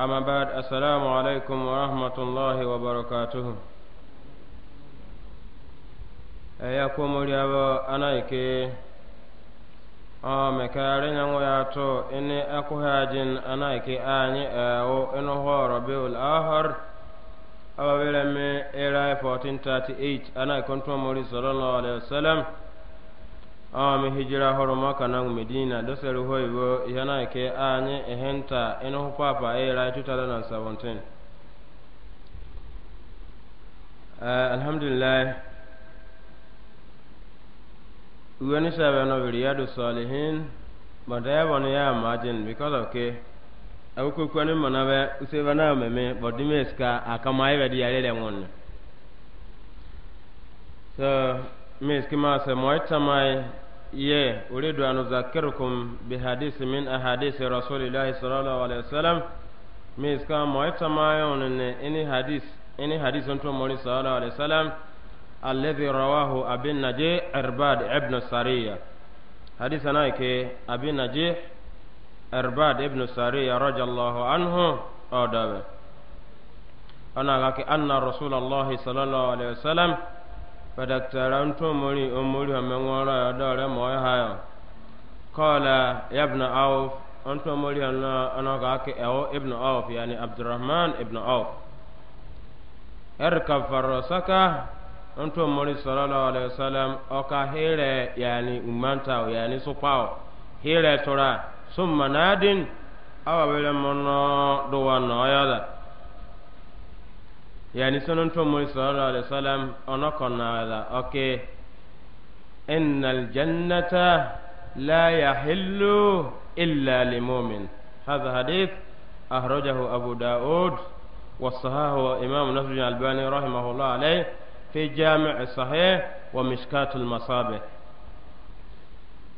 أما بعد السلام عليكم ورحمة الله وبركاته أيكم اليابا أنايكي mekari nyango ya to ini akuhajin anaiki anyi ewo inu horo biul ahar ababile mi era 1438 anaikon tumori sallallahu alaihi awa mi hijira horo maka na medina do seru hoibo yana ke ihe nta eno papa era 2017 uh, eh, alhamdulillah uweni sabe no riyadu salihin madaya bonu ya imagine because of ke awuko kwani manabe useva na meme bodime aka akama ibe di yale ngon so mes kima se moitamai ye uridu an uzakkirukum bi hadisi min ahadisi rasulillahi sallallahu alaihi wasallam mi iska mo itamayon ne ini hadis ini hadis on to moni sallallahu alaihi wasallam alladhi rawahu abin naji irbad ibn sariya hadisa na ke abin naji irbad ibn sariya radiyallahu anhu odabe ana ga ke anna rasulullahi sallallahu alaihi wasallam fadaktara ntomori omori hamenworo ya dore moyo hayo kola yabna auf ntomori ana anaga ake ewo ibn auf yani abdurrahman ibn auf erkab farosaka ntomori sallallahu alaihi wasallam oka hire yani umantao yani supao hire tora summa nadin awabele mono duwa noyada يعني سنن to صلى الله عليه وسلم انا كنا la اوكي ان الجنه لا يحل الا لمؤمن هذا حديث أخرجه أبو داود وصححه إمام نصر الباني رحمه الله عليه في جامع الصحيح ومشكات المصابه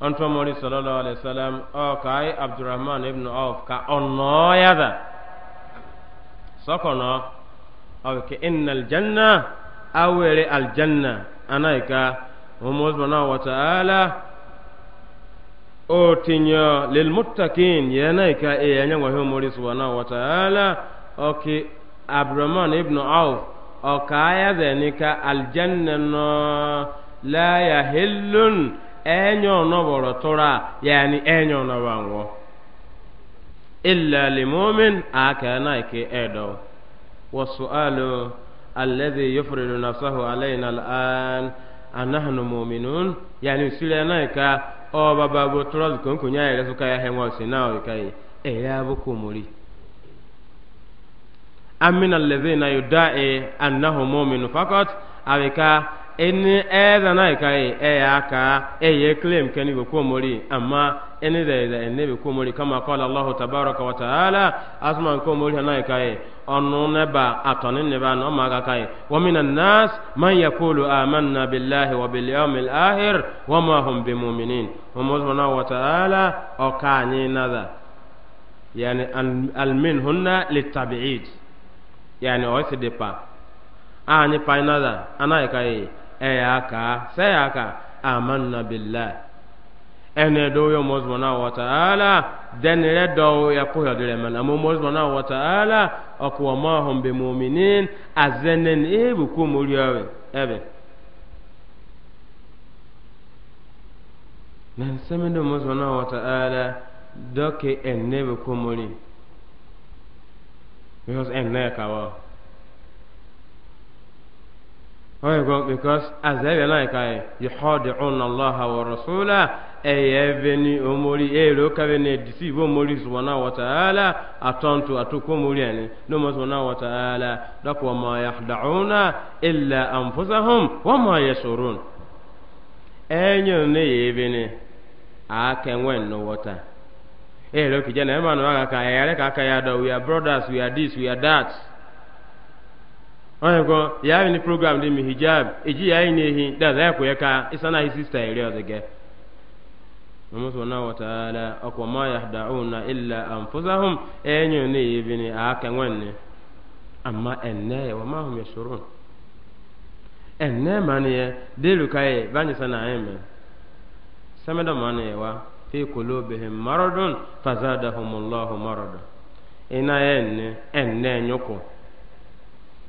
أنتم مولي صلى الله عليه وسلم أو كاي عبد الرحمن بن عوف كأنه يذا سكنه aw ke innal janna awere al janna anaika ummu subhanahu wa ta'ala o tinyo lil muttaqin yanaika e yanyango he ummu subhanahu wa ta'ala o ke abdurrahman ibn auf o kaya zenika al janna no la yahillun enyo no boro tora yani enyo no bango illa lil mu'min aka naike edo والسؤال الذي يفرض نفسه علينا الآن أنحن مؤمنون يعني سيلنا كا أو بابا بطرز كن كن يا رسول كيا هم وسنا وكاي إيه أبو كمولي أمن الذين يدعي أنه مؤمن فقط أبكا إن إذا نايكاي إيه أكا إيه كلم كني بكمولي أما ene da da ene be ko mori kama qala allah tabaraka wa taala asman ko mori hanai kai onu ne ba atoni ne ba no maga kai wa minan nas man yaqulu amanna billahi wa bil yawmil akhir wa ma hum bimu'minin wa muzmana wa taala o kani nada yani al minhunna litab'id yani o se depa ani pa nada anai kai e aka se aka amanna billahi ene do yo na wata ala den re do ya ko yo dire man amu mozmona wa ta'ala akwa ma hum bi mu'minin azenen e bu ko muriyawe ebe nan sami do mozmona wa ta'ala doke enne bu ko muri because enne ka wa oye go because azebe na kai yuhadi'un allah wa rasulahu eye veni omori ero kavene disi bo mori subhana wa ta'ala atantu atuko mori ani no mo subhana wa ta'ala dakwa ma yahdauna illa anfusahum wa ma yashurun enyo ne yevene akenwen no wata ero kijana ema no aka ka ere ka aka ya do we are brothers we are this we are that onye go ya ni program dị mi hijab eji ya ni ehi da za ya kwuye ka isa na hisi sister eri ọzọ gị mama subhanahu wa ta'ala ya ma na illa anfusahum enyo ne a aka wanne amma enne wa ma hum yashurun enne maniye delu kai banyi na eme sameda maniye wa fi qulubihim maradun fazadahumullahu marada ina enne enne nyoko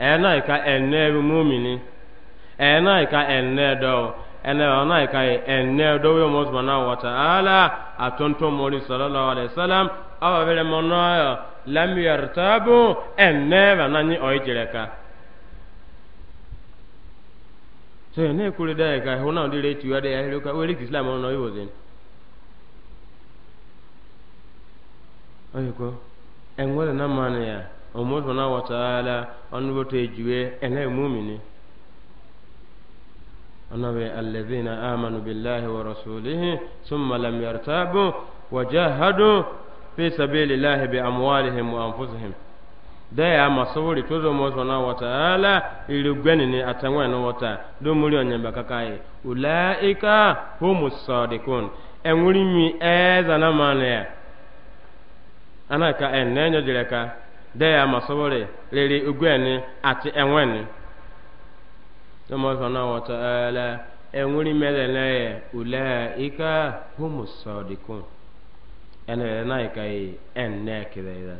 ɛna ka ɛnɛ bi mumini ɛna ka ɛnɛ dɔw ɛnɛ ɔna ka ɛnɛ dɔw yɛ mɔsuma na wata ala a tontɔn mɔri sɔlɔlɔ alayi salam awa bɛrɛ mɔnɔ yɔ lamiyɛri taabo ɛnɛ bana ni ɔyi jɛrɛ ka so ne kure da yɛ ka hona de re tiwa de yɛ ka wele kisila mɔnɔ na oyi wo zen oyi ko ɛnwɛrɛ na ma ne ya ọmọ sọ̀nà wọ̀tàlá ọ̀nùbọ̀tò ìjùwé e ẹ̀nà ìmúmìnì ọ̀nàbẹ alẹ́bìnà amànùbìláhi wà rọ̀sùlìhì súnmọ̀lẹ́mì àrùtàbù wàjà hadu fèsàbẹ́lì láhi bẹ àmúwálìhì mu àǹfọ̀sìhìm dẹ́yà àmàsọ́wọ́rì tó dọ̀ mọ́ sọ̀nà wọ̀tàlá ìrùgbẹ́ni ni àtẹ̀wọ̀n ẹ̀nà wọ̀tà dómúrí ọ̀nyẹ̀mbà kàkà yìí ọ̀là ìka hómù sọ̀dìkùn ẹ̀ńwúrí mi ẹ̀ẹ́dàná mànìyà ana ka ẹ̀ńnẹ́nyọ̀ jìrẹ̀ ká. de ya masawore rere ugweni ati enweni Tuma sana wa ta'ala enwuri na ya ulaika ene na ikai enne kidaida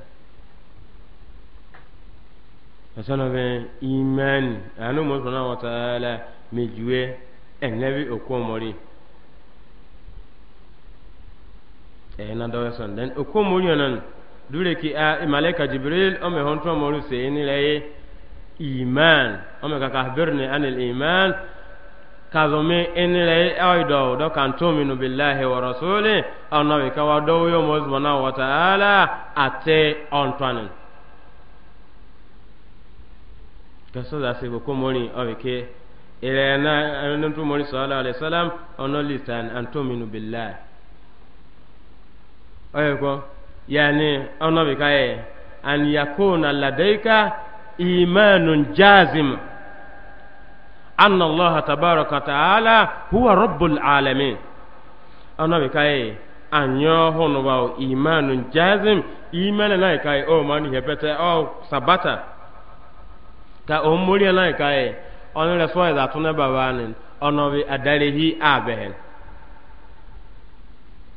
be iman anu mo mejue okomori na dawe den okomori dure ki a malaika jibril o me hon to mo ru se ni le iman o me ka ka birni anil iman ka zo me en le ay do do kan to minu billahi wa rasuli aw na we ka wa do yo mo zmana wa taala ate on twanin ka so da se ko mo ni o ke ire na anu to mo ni sallallahu alaihi wasallam ono litan minu billahi ayo ko yani ono bi kaye an yakuna ladaika imanun jazim anna allaha tabaraka taala huwa rabbul alamin ono bi kaye anyo hono ba imanun jazim imana na ma o mani hebete o sabata ka o muri na kaye ono le so ida tunaba banin ono bi a abehen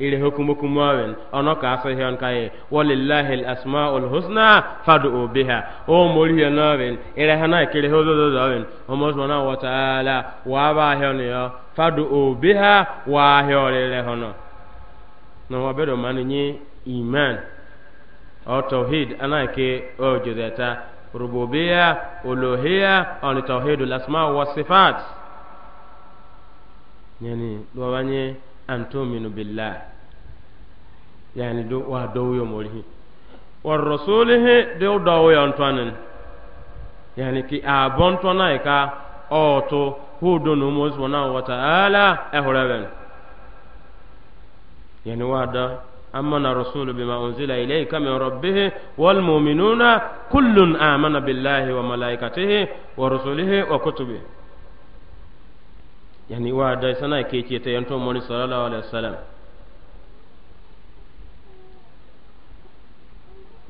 ire hukumu kumawen ono ka so hion kai walillahi alasmaul husna fad'u biha o mori yanawen ire hana kire hozo zo zawen o mo subhanahu wa ta'ala wa ba hion yo fad'u biha wa hiorele hono no wa bedo maninyi iman o tauhid anake o jodeta rububia uluhia on tauhidul asma wa sifat yani dwawanye antuminu billah yani do wa dowyo morihi war rasulihi do dowyo antanen yani ki a bontona e ka oto hudo no mo subhanahu wa ta'ala e horaben yani wa da amana الرسول بما أنزل إليك من ربه والمؤمنون كل آمن بالله وملائكته ورسله وكتبه يعني وعد سنة كيتي ينتم صلى الله عليه وسلم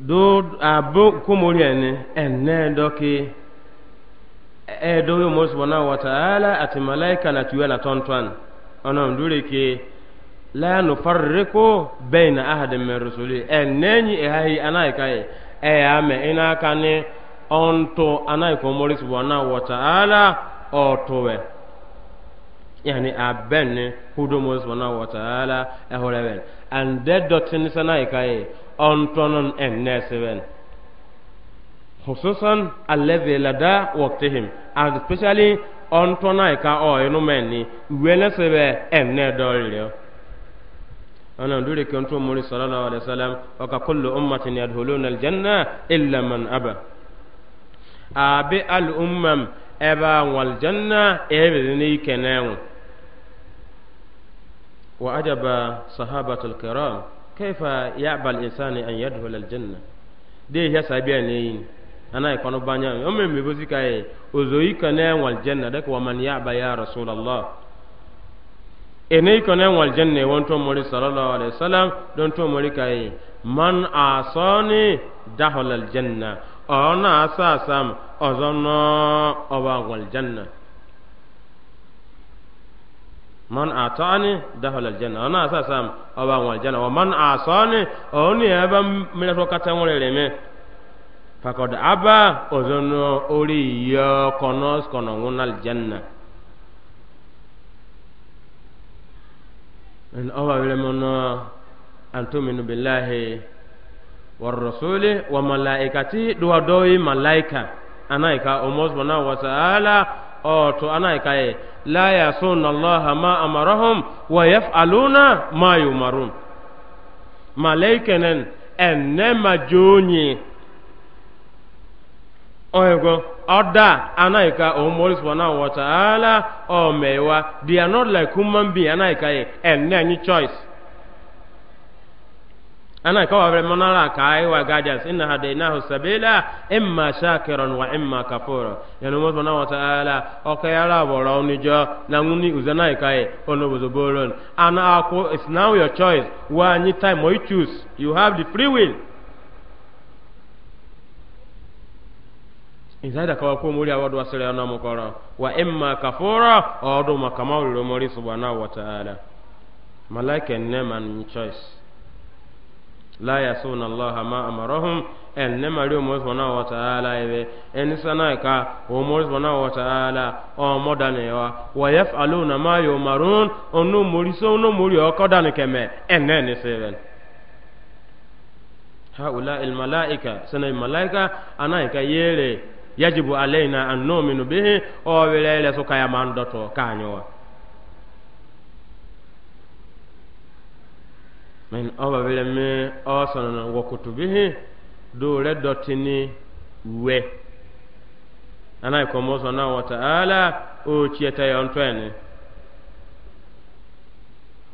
do abo kumuriani ene doki e do yo mo subhana wa ta'ala malaika na tuwe na tontwan ono ndure ke la nufarriqu baina ahadin min rusuli enenyi e hayi anai kai e ame ina kane onto anai ko mo subhana wa ta'ala otowe yani abenne hudo mo subhana wa ta'ala e and that sanai kai أنتون الناس وين خصوصا الذي لدى وقتهم and especially أنتون أيكا أو ينومني وين سوى أن دوليو أنا ندري كنت مولى صلى الله عليه وسلم وككل أمة يدخلون الجنة إلا من أبى أبي الأمم أبا والجنة إبني كناو وعجب صحابة الكرام kaifa ya'bal insani an yadkhul al janna de ya sabia ne yin ana ikono banya o me me bozi kai ozoi kana wal janna da ko man ya'ba ya rasulullah ene kana wal janna won to mori sallallahu alaihi wasallam don to mori kai man asani dakhul al janna ona asasam ozono oba wal janna man atani dakhala aljanna ona sasam oba wal janna wa man asani oni eba mina to kata ngolele me fakod aba ozono ori yo konos kono ngunal janna en oba wele mono antuminu billahi war rasuli wa malaikati duwa doyi malaika anaika umos bana wa ta'ala ọ̀tọ̀ anáìka yẹ láyà sún aláha má amarahum wà yẹf alóna má yóò marun malaikanen ẹnẹ ma jóonyi ọ̀yẹ̀gọ́ ọ̀dà anáìka òun mọ́rí sọ̀nà wọ̀tàálà ọ̀mẹ̀wá they are not like human being anáìka yẹ ẹnẹ ẹni choice ana kawa bre monara kai wa gajas inna hadainahu sabila imma shakiran wa imma kafura yanu mo bona wa taala o ka yara boro ni jo na nguni uzana kai ono bozo boron ana ako it's now your choice wa any time you choose you have the free will inzaida kawa ko muri awadu wasere ana mukoro wa imma kafura odo makama ulomori subhanahu wa taala malaika neman choice la yasuna allah ma amarahum en ne mari o mo sona wa taala ibe en sana e ka o mo sona wa taala o mo dane wa wa yafaluna ma yumarun onu mori so onu mori o ko dane keme en ne ne seven haula al malaika sana malaika anaika e yere yajibu alaina an nu'minu bihi o wele le so kaya man kanyo min oba bele me sana sanana wa kutubihi do re dotini we ana ko mo sana wa taala o chieta yon twene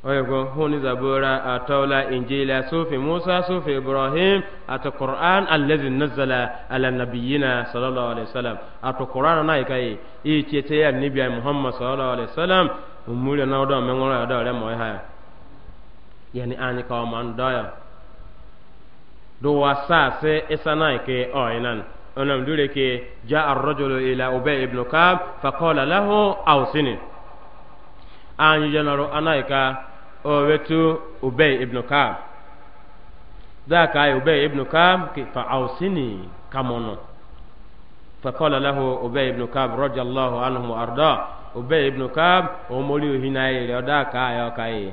oyego huni zabura atawla injila sufi musa sufi ibrahim ato qur'an allazi nazzala ala nabiyyina sallallahu alaihi wasallam ato qur'an na ikai i chieta ya nabi muhammad sallallahu alaihi wasallam umuri na odo me ngora odo re mo ha yani ani ka man doya do wasa se isana ke o inan onam dure ke ja ar-rajul ila ubay ibn kab fa qala lahu awsini an janaro anaika o wetu ubay ibn kab da ka ubay ibn kab ki fa awsini kamono fa qala lahu ubay ibn kab radiyallahu anhu arda ubay ibn kab o moli hinaye da ka ayo kai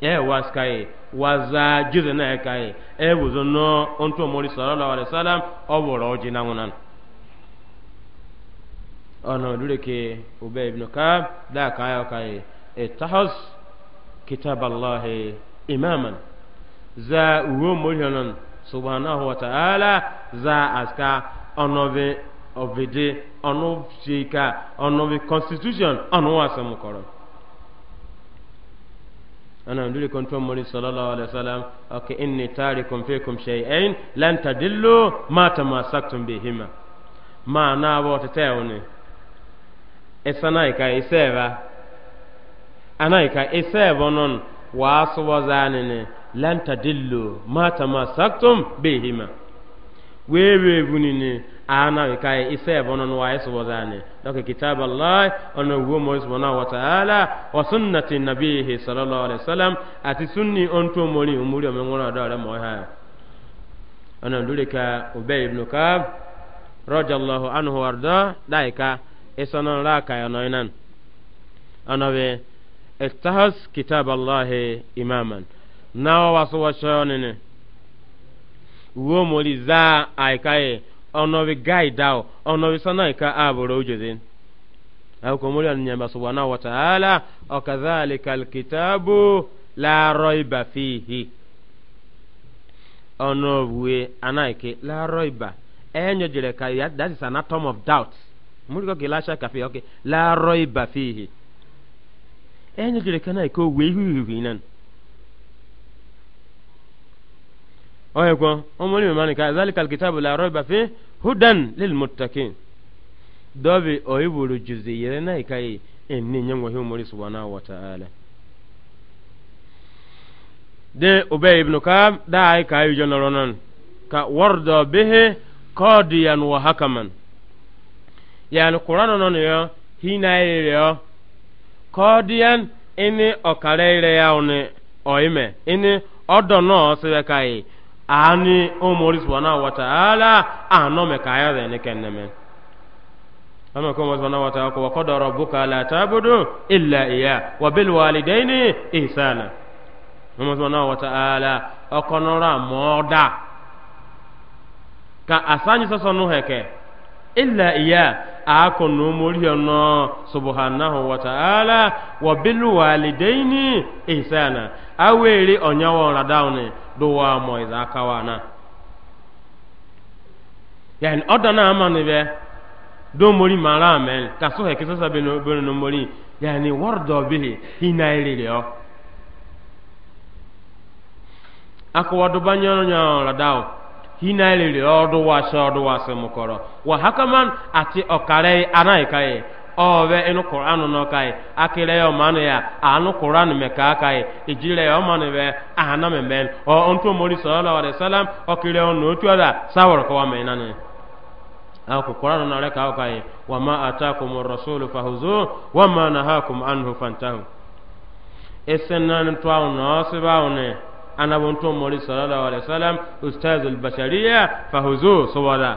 e was kai waza uh, juze na kai e wuzo no onto mori sallallahu alaihi wasallam o woro oji na ngunan ono dure ke ubay ibn kab da kai kai e tahas kitab allah imaman za uwo mori onon subhanahu wa ta'ala za aska onove ovide onu shika onu constitution onu wasamukoro ana ndule kontrol mori sallallahu alaihi wasallam aka inni tarikum fikum shay'ain lan tadillu ma tamassaktum bihima ma na wota tewne esana ika iseva ana ika iseva non wasu wazanene lan tadillu ma tamassaktum bihima wewe bunini ana bi kai isa bono no waye so wazani donc kitab allah ono wo mo subhana wa taala wa sunnati nabiyhi sallallahu alaihi wasallam ati sunni on to mori umuri o mengona da re mo ha ana dure ka ubay ibn kab radiyallahu anhu warda ra ka ono inan kitab allah imaman wo mori za onobi gaidao onobi ika aboro ujedin au komuli ananyamba subhanahu wa ta'ala wakadhalika alkitabu la roiba fihi onobwe anaike la roiba enyo jire ka that is an atom of doubt muli ko kilasha kafi okay la roiba fihi enyo jire kana iko wehu hinan oye ko omoni mi mani ka zalikal kitabu la roiba fi hudan lil dobi oyibulu juzi yere na ikai enni nyango hi omori subhanahu wa ta'ala de ubay ibn kab da ay ka jonoronan ka warda bihi qadiyan wa hakaman yani qur'an non yo hina ire yo qadiyan ini okare ire ya oni oime ini odo no sebe kai ani umuri subhanahu wa ta'ala ano me kaya da ne kenne me amma kuma subhanahu wa ta'ala wa qadara rabbuka la ta'budu illa iya wa bil walidaini ihsana amma subhanahu wa ta'ala okonora moda ka asanyi soso nu heke illa iya akonu umuri ono subhanahu wa ta'ala wa bil walidaini ihsana awere onyawo radawni do wa mo iza kawa na yani oda na ama ni be do mori mara amen ka so he kisa be no be no mori yani wardo bihi hina ilile o akwa do banyo nyo la dawo hina ilile o do wa so do wa se mukoro wa hakaman ati okare anai kai ọbẹ inu kur'anu nọ ka yi akele ya anu kur'anu mẹ ka ka yi ejile yọ ma ni bẹ ahana mẹ bẹ ọ ntọ mori sọlọ wa salam ọkele ọnụ n'otu ọda sawọrọ kọ wa mẹ Akụ ako kur'anu nọ rẹ ka ka yi wa ma ata kumu rasulu fahuzu wa ma na ha kumu anu fantahu esen naani tọ awon na ọsiba awon ne anabon tọ mori sọlọ wa salam ustaz bashariya fahuzu sọwọda.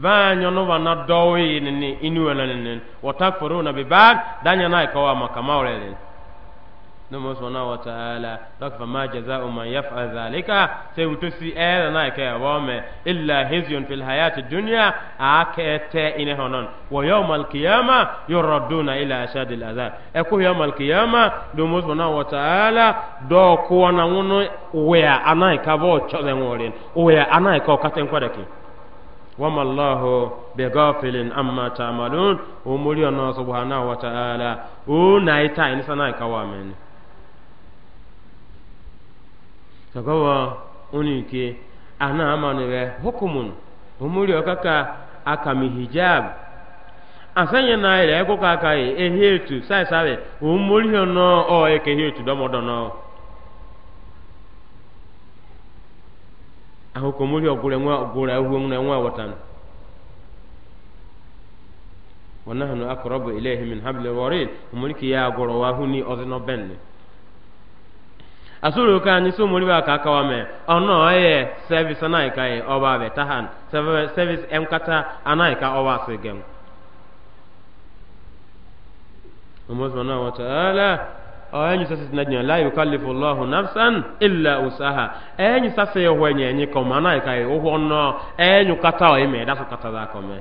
vanyo no wana dowe ni inu wala ni watakfuru na bibad danya na ikawa makama wala nomo sɔnna wa taala dɔk fama jaza o ma yaf a zalika sai wuto si ɛɛrɛ na kɛ wɔ illa hizyon fil hayati dunya a kɛ wa yɔ malkiyama yɔrɔ ila ashadi lazar ɛ ko yɔ malkiyama nomo sɔnna wa taala dɔɔ kɔna ŋunu wɛya a na ka bɔ wama allahu bi gafilin amma ta'malun o muri ona subhanahu wa ta'ala o na ita in sana ka wa men sagawa oni ke ana amanu we hukumun o muri okaka akami hijab asanye na ile ko ka ka e hetu sai sabe o muri ona o e ke hetu domodono ahokomuli ogure nwa ogure ahuo na nwa watan wanahnu aqrabu ilayhi min habli warid umuliki ya goro wa huni ozino benne asuru ka ni so muri ba ka ka wa me ono na ka e gem ọ̀hẹ́nyì sẹ́sẹ̀ sinadì yàn láyé kálífù lọ́hùn nàfsán ilà ọ̀sáhà ẹ̀yìn sẹ́sẹ̀ yẹ wọ̀nyẹ̀ ẹ̀yìn kọ̀mọ̀ àná ẹ̀ka yẹ ọ̀họ́ nọ ẹ̀yìn kata ọ̀yẹ́ mẹ́ ẹ̀dá sọ kata dà kọ̀mẹ́.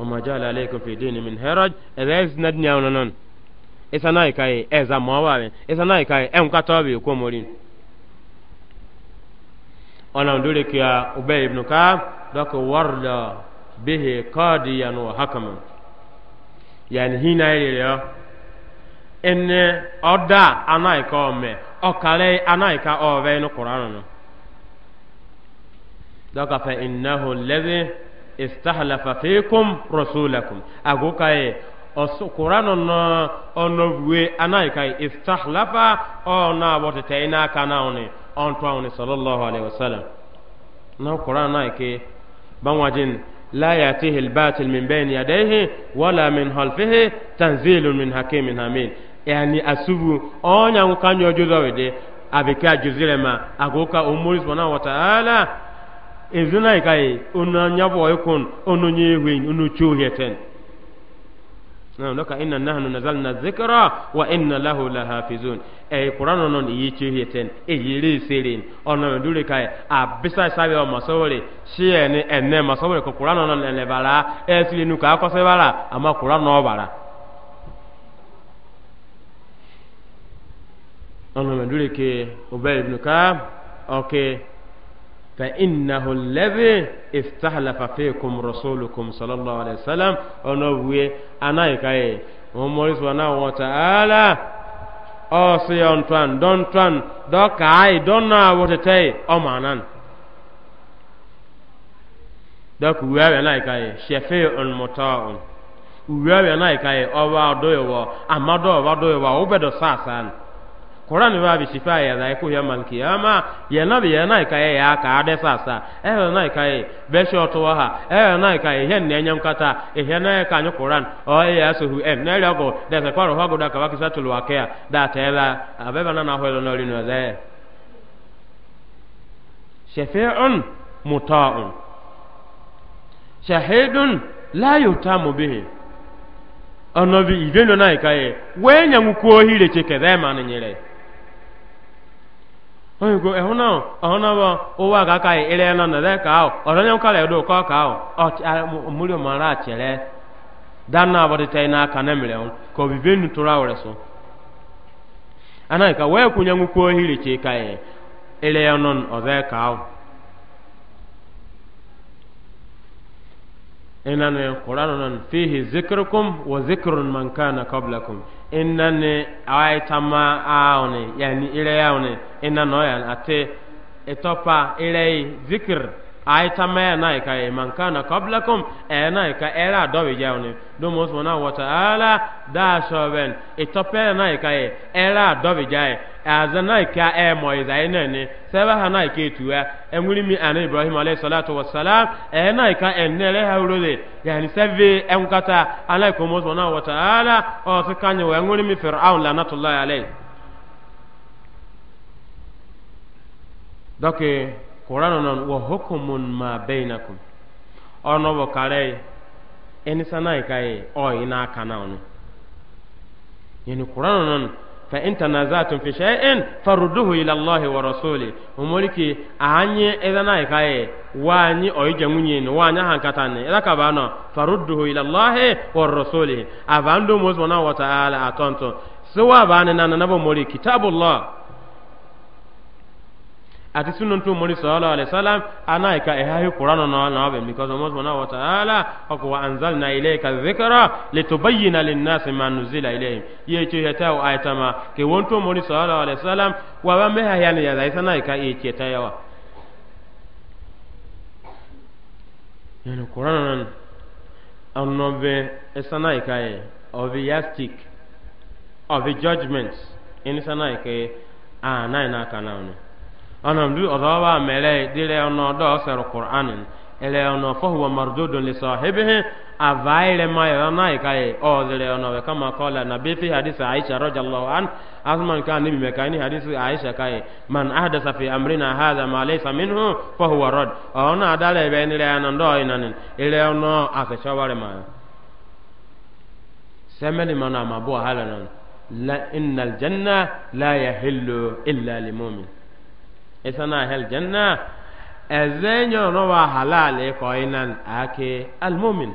ọmọ ajá alẹ́ alẹ́ fi dín ní mi hẹ́rọ ẹ̀dá yẹ sinadì yàn nínú ẹ̀sà náà ẹ̀ka yẹ ẹ̀zà mọ́ wà mẹ́ ẹ̀sà náà ẹ̀ka yẹ kata ọ̀bẹ̀ kó mọ́rí. ọ̀nà òdúrẹ́kìá ọbẹ̀ ibùnú ká dọ́kọ̀ wọ́rọ̀ bíhì kọ́ọ̀dì yanu wà hákàmù. yani hina ya? ene oda anaika ome okare anaika ove no qur'an no daga fa innahu alladhi istahlafa fikum rasulakum agukaye osu qur'an no onobuwe anaika istahlafa ona wotete ina kana oni onto oni sallallahu alaihi wasallam na qur'an naike banwajin لا يأتيه الباطل من بين يديه ولا من خلفه تنزيل من حكيم حميد يعني أسوبو أون يمكن يجوزه دي أبكى جزيرة ما أقوك أمور سبحانه وتعالى إذن أيكاي أنو نيابو يكون أنو نيهوين أنو تشوهيتين na lɔka inna nahnu nazalna zikra wa inna lahu lahafizun e qur'anu non yi chehe e yere serin ona dure kai a bisa sabe o masore shie ni enne masore ko qur'anu non ele bara e sili nu ko se bara ama qur'anu bara ona dure ke ubay ibn ka okay فإنه الذي استهلف فيكم رسولكم صلى الله عليه وسلم ونوي أنا كاي ومولى سبحانه وتعالى أو سيون تان دون تان دو كاي دون نا وتتاي أمانان دوك ويا أنا كاي شفيع مطاع ويا أنا كاي أوا دويوا أما دويوا دويوا أوبدو ساسان Quran ba bi sifa ya da ko ya mal kiyama ya nabi ya na ya ka de sasa e na kai be shoto wa ha e na kai ihe ne nyam kata e na ka nyu o ya hu na rago ha ka wa kisa tulu akea da tela abeba na na hoelo no lino ze shafi'un muta'un shahidun la yutamu bihi ma nyere. onye go ehuna ọhụna eh, bụ ụwa ga aka ire nọ na ka ahụ ọrọ nye nkala edo ka ọka ahụ mmiri mara achere dana abọdịta n'aka na mere ka obibi nnu tụrụ awere so anaghị e ka wee kwunye nwukwu ohiri chee ka ire ya nọ ọzọ ka ahụ inane qur'anu nan fihi zikrukum wa zikrun man kana qablakum inane aytama aone yani ile yaone inano yan ate etopa ile zikr ayta maya na ka e man kana qablakum e na ka era do be jawni do mo so na wata da shoben itope na ka e era do be jai aza na ka e mo iza ina e ni seba ha na ka etuwa enwiri mi ana ibrahim alayhi salatu wassalam e na ka enere ha urode yani sebe enkata ala ko mo so na wata ala o so kanyo enwiri mi fir'aun lanatullahi alayhi doke qur'an non wa hukumun ma bainakum ono bo kare eni sanai kai o ina kana onu yani qur'an non fa in tanazatum fi shay'in farudduhu ila allahi wa rasuli umuliki anye edana kai wanyi oije munye ni wanya hankata ni ila ka bano farudduhu ila allahi wa rasuli abandu muzmana wa ta'ala atonto siwa bani nana nabo muri kitabullah ati sunu tu muni sallallahu alaihi wasallam ana ka e hayu qur'anu no na be mi kazo mozo na wa ta'ala ako wa anzalna ilayka dhikra litubayyana lin-nasi ma nuzila ilayhim ye che heta wa ayatama ke wonto muni sallallahu alaihi wasallam wa wa me hayan ya zaisa na ka e che ta yawa yani qur'anu nan anno be esana ka e of yastik of judgments in sana ka ana na kana ne anam du odawa mele dile ono do ser qur'anin ele ono fahuwa mardudun li sahibihi availe ma yana ikai o dile ono be kama qala nabi fi hadith aisha radhiyallahu an azman kan nabi mekani hadith aisha kai man ahdasa fi amrina hadha ma laysa minhu fahuwa rad ona adale be ni le ono do inanin ele ono akashawale ma semeni mana mabua halanan la innal janna la yahillu illa lil mu'min isana hel janna ezenyo no wa halal e ko inan ake al mu'min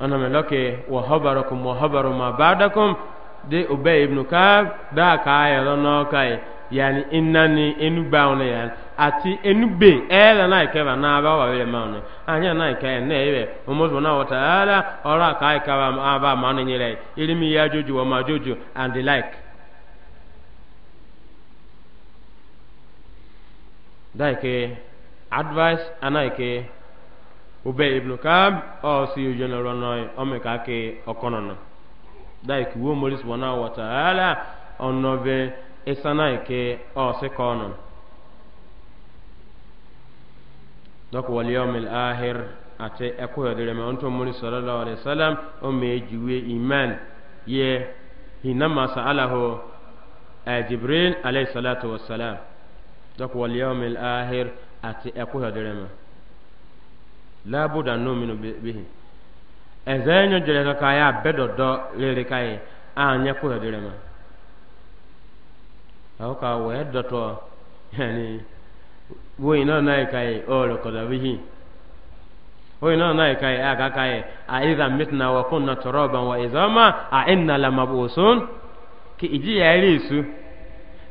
ana meloke wa habarakum wa habaru ma ba'dakum de ubay ibn kab da ka ya no kai yani innani enuba ona ya ati enube ele na ke ba na ba wa we ma ona anya na ke na ewe umuzu na wata ala ora ka ka ba ma ba ma nyere ilimi ya joju wa ma joju and the like daike advice anaike ube ibnu kab o si ujo na rono o me okonono daike wo moris subhana wa ta'ala onno be esanaike o se kono dok wal yawmil akhir ate ekoyo dere me onto mori sallallahu alaihi wasallam o me jiwe iman ye hinama sa'alahu jibril alayhi salatu wassalam dɔk wal yawmil ahir ati ɛkuhɛ dirɛmɛ laabuda minu bihi ɛzɛɛ nyɔ dirɛ ka kaa yaa bɛ dɔ dɔ lere ka ye a nyɛ kuhɛ dirɛmɛ awo kaa wɛɛ dɔtɔ yani woyi naa naa yi ka ye ɔɔrɛ kɔdɔ bihi oyi naa naa yi ka ye a ka ka ye a iza mitina wa kunna tɔrɔban wa izama a inna lamabusun ki iji yaari su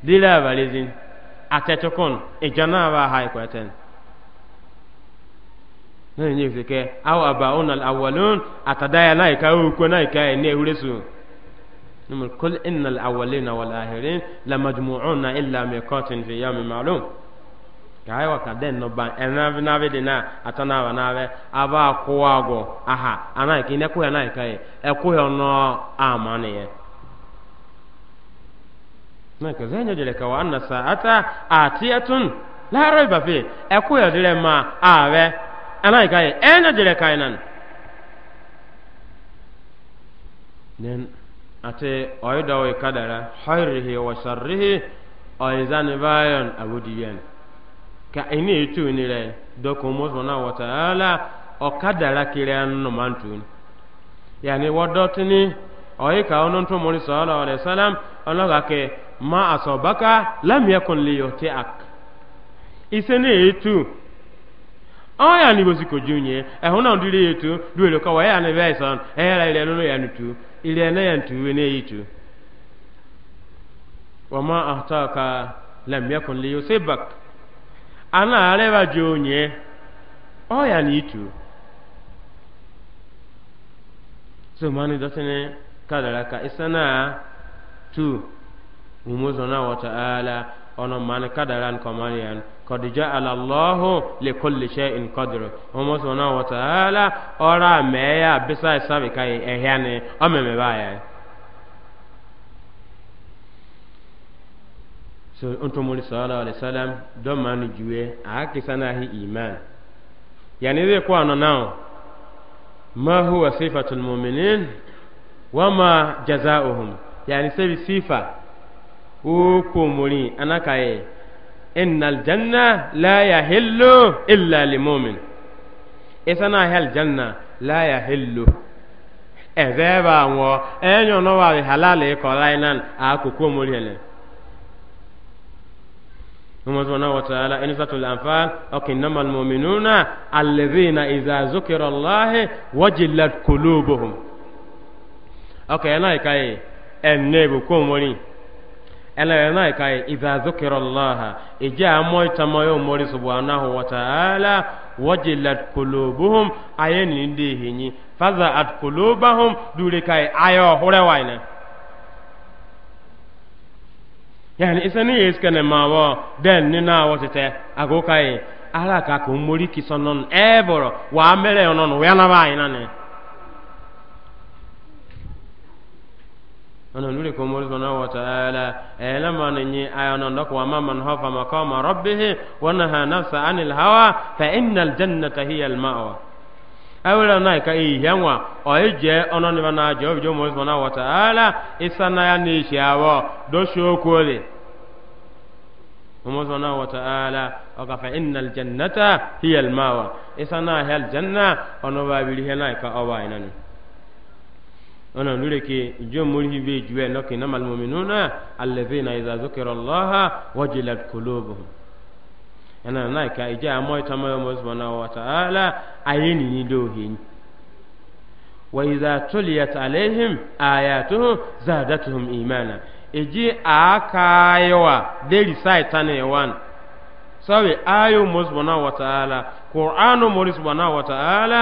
dila abalizin. atetukun ijana e ba ha ikweten na enye fike aw abaun al awwalun atadaya na ka ukwe na ka ne huresu numul kul innal awwalina wal akhirin la majmu'una illa miqatin fi yawmin ma'lum kai wa kaden no ban ena na be dina atana wa na be aba ko ago aha ana ki ne ko na ka e, e ko no amane na ka zai nyojele ka wa anna sa'ata atiyatun la raiba fi e ku yodile ma ave ana ka e nyojele ka nan den ate oyda o kadara khairihi wa sharrihi oyzan bayan abudiyan ka ini itu ni re doko mo sona wa ta'ala o kadara kire anno mantuni yani wodotini oyi ka onon to mo ni sallallahu alaihi wasallam onoga ke ma asọbaka lam yakun li yuti'ak ise na etu ọya ni junye na ndire etu duelo ka waya na bai son era ile no ya nutu ile na ya ntu we na yitu wa ma ahtaka lam yakun li yusibak ana areba junye ọya ni etu. so mani dotene kadara ka isana 2 umuzona wa ta'ala ono man kadaran komaniyan qad ja'ala Allahu li kulli shay'in qadra umuzona wa ora meya bisa sabi kai ehyane omeme baya so onto muri sallallahu alaihi wasallam do man juwe akisana hi iman yani ile kwa no ma huwa sifatul mu'minin jazaohum yani sifa o ko mori anaka ye innal janna la yahillu illa lil mu'min isana hal janna la yahillu eze ba wo enyo no wa halal ko lainan a ko ko mori ele Mwenyezi Subhanahu wa Ta'ala in satul anfal akinnamal mu'minuna alladhina idza zukira Allah wajilat qulubuhum Okay, ana kai enne bu ko mori ẹlẹ́rìnà ìka ìdàzókèrò lọ́ha ìjẹ́ àmọ́ ìtàmọ́ yóò mọ́rí subhanahu wa ta'ala wajilat kulubuhum ayé ní ndé ìhìnyí faza at kulubahum dúró ka ayé ọ̀húrẹ́ wáyé náà. yàrá ìsẹ́ ní yéé sikẹ́ ní ma ana nuri ko mo subhanahu wa ta'ala e ela ne ni ayo ayana ndako wa man hafa maqama rabbih wa naha nafsa anil hawa fa innal jannata hiya al ma'wa awla na ka i yanwa o je ono ni bana jo jo mo subhanahu wa ta'ala isana ya ni shawo do shokole mo subhanahu wa ta'ala o ka fa innal jannata hiya al ma'wa isana hal janna ono ba bi hena ka o wa inani ona nure ke jo mulhi be juwe no ke namal mu'minuna allazina idza zukira allah wajilat qulubuhum ana na ka ija amoy tamayo mo subhanahu wa ta'ala ayeni ni dohin wa idza tuliyat alaihim ayatuhu zadatuhum imana eji akayowa deri saitane wan sawe ayo mo subhanahu wa ta'ala qur'anu mo subhanahu wa ta'ala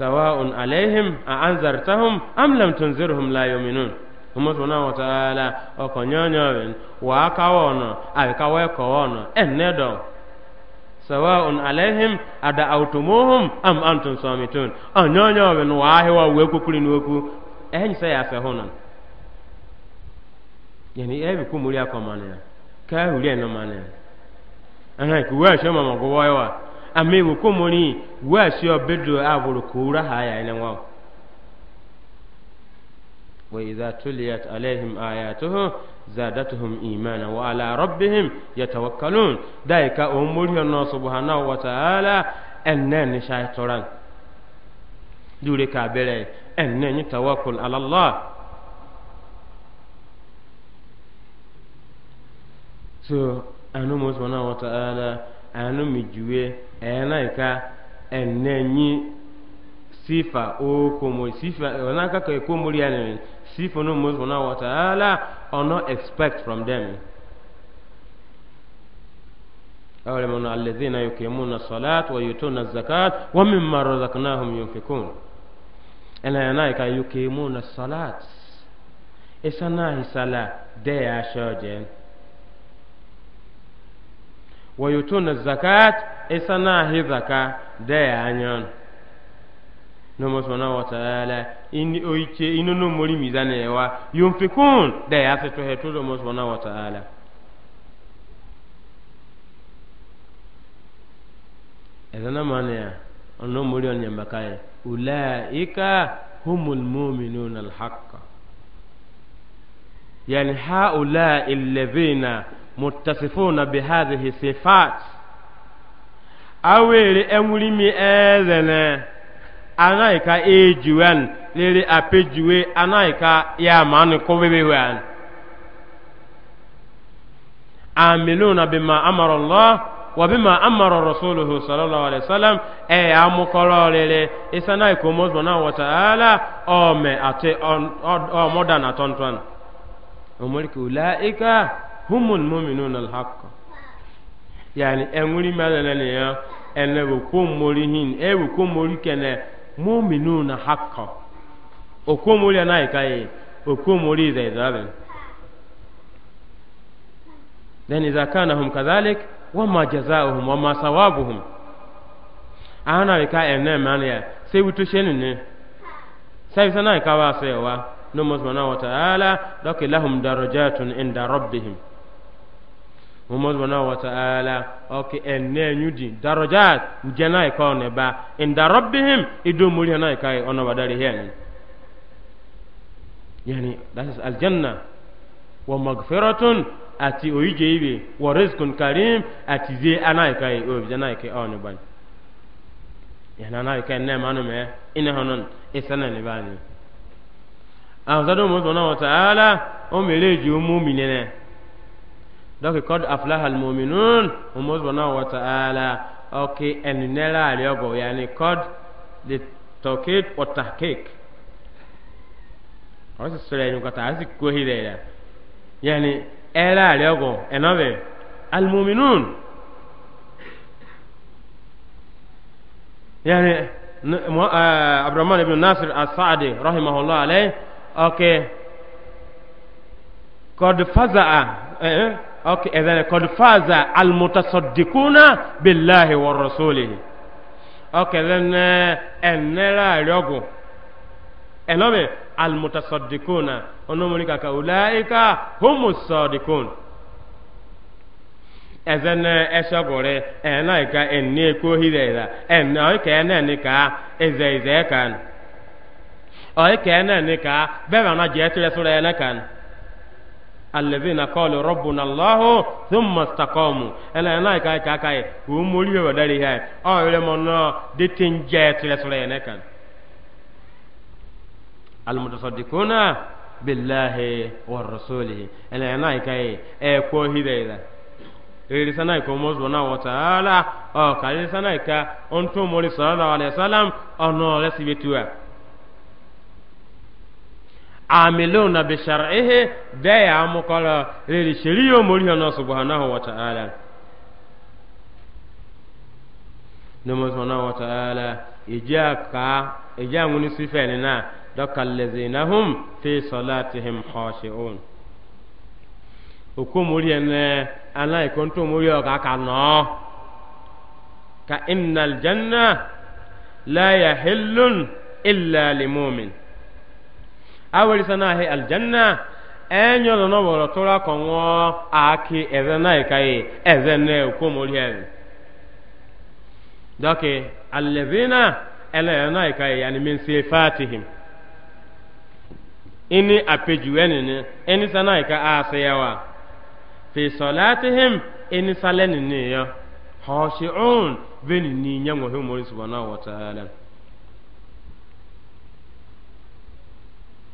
sawa'un alaihim a anzartahum am lam tunzirhum la yu'minun umma subhanahu wa ta'ala o ko nyonyo ben wa kawono ay kawe ko wono ennedo sawa'un alaihim ada autumuhum am antum samitun o nyonyo ben wa hewa we kukuri nuku ehn se ya se honon yani ebi kumuri akomane ka huri enomane ana ku wa shoma magowa wa ame wo ko moni wa si o bedo aburu kura ha ya ile wa wa idha tuliyat alaihim ayatuhu zadatuhum imana wa ala rabbihim yatawakkalun daika o mori no subhanahu wa ta'ala enen shaytoran dure ka bere enen tawakkul ala allah so anu mo subhanahu wa ta'ala anu mi juwe ena ika enenyi sifa okomo sifa ona kaka ekomori ani sifa no mozo na wa taala ono expect from them awale mona alladhina yuqimuna salat wa yutuna zakat wa mimma razaqnahum yunfikun ena yana ika yuqimuna salat esana hisala de ya shoje wa yutuna zakat isana na hizaka da ya anyon nomo subhanahu wa ta'ala in oiche ino no mori mizane wa yumfikun da ya se to hetu nomo subhanahu wa ezana mane ya ono mori on nyamba kai ulaika humul mu'minun alhaqqa yani haula alladhina muttasifuna bihadhihi sifati awere enwurimi ezene anaika ejuwan lere apejuwe anaika ya manu kowewewan amiluna bima amara allah wa bima amara rasuluhu sallallahu alaihi wasallam e amukoro lere isana ikomozo na wa ta'ala o me ate o modern atonton umulki ulaika humul mu'minuna alhaqqa yani enwuri melele ne ya ene wo ko mori hin e wo ko mori kene mu'minuna haqqan o ko mori na ikai o ko mori da zaben dan idza kanahum kadhalik wama jazaohum wama sawabuhum ana ka ene man ya sai wuto shenu ne sai sana ka wa sai wa no mo wa ta'ala dakilahum darajatun inda rabbihim mumol bana wa ta'ala oke enne nyudi darajat jana iko ne ba inda rabbihim idu muri na kai ono badari hen yani that is al janna wa maghfiratun ati oyije ibe wa rizqun karim ati ze ana kai o jana kai ono ban yana na kai ne manu me ina hanon isana ne bani azadu mumol bana wa ta'ala o meleji umu minene donc kod aflaha almuminun umu subhanahu wa ta'ala ok enenera aliogo yani kod the tawkid wa tahqiq awasi sura ni kata asi kuhirera yani era aliogo enobe almuminun yani Abdurrahman ibn Nasir as-Sa'di rahimahullah alayh okay kod faza'a eh, okay idan e qad faza al mutasaddiquna billahi wa rasulihi okay then eh, enera riogo enobe al mutasaddiquna onomuri kaka ulaika humus sadiqun ezen esogore eh, e enaika enni ekohirera enna oike eneni ka eze eze kan oike eneni ka bebe na je tere sura ele kan alẹ́bìnà kọ́ọ̀lù rọ́bùnà lọ́hùn tó mọ̀sítàkọ́ọ̀mù ẹlẹ́yìn náà ìka ìka ká yẹ kò ó mórí bẹ̀rẹ̀ dárí yẹ ọ̀ ẹ̀rẹ́ mọ̀ náà dé tí ń jẹ́ tìrẹsìrẹ́ yẹn nẹ́kan. alimọ̀tòsọ̀dìkúnà bíláhì wọ̀rọ̀sọ́lì ẹlẹ́yìn náà ìka yẹ ẹ̀ kọ́ hídẹ̀ yẹ rere sana iko mɔzɔn na wɔta ala ɔ kari sana ika ɔntun mori amiluna bi shar'ihi da ya mukala lili shiriyo muriyo na subhanahu wa ta'ala numu subhanahu wa ta'ala ija ka ija muni sifani na dokal lezina hum fi salatihim khashi'un uku muriyo ne ala ikonto muriyo ka ka no ka innal janna la yahillun illa limumin awali sana he aljanna enyo no noboro tora konwo aki ezena ikai ezene ukomori en doke allazina na ikai yani min sifatihim ini apejuweni ni ini sana ika aseyawa fi salatihim ini saleni ni yo khashi'un bini ni nyango humuri subhanahu wa ta'ala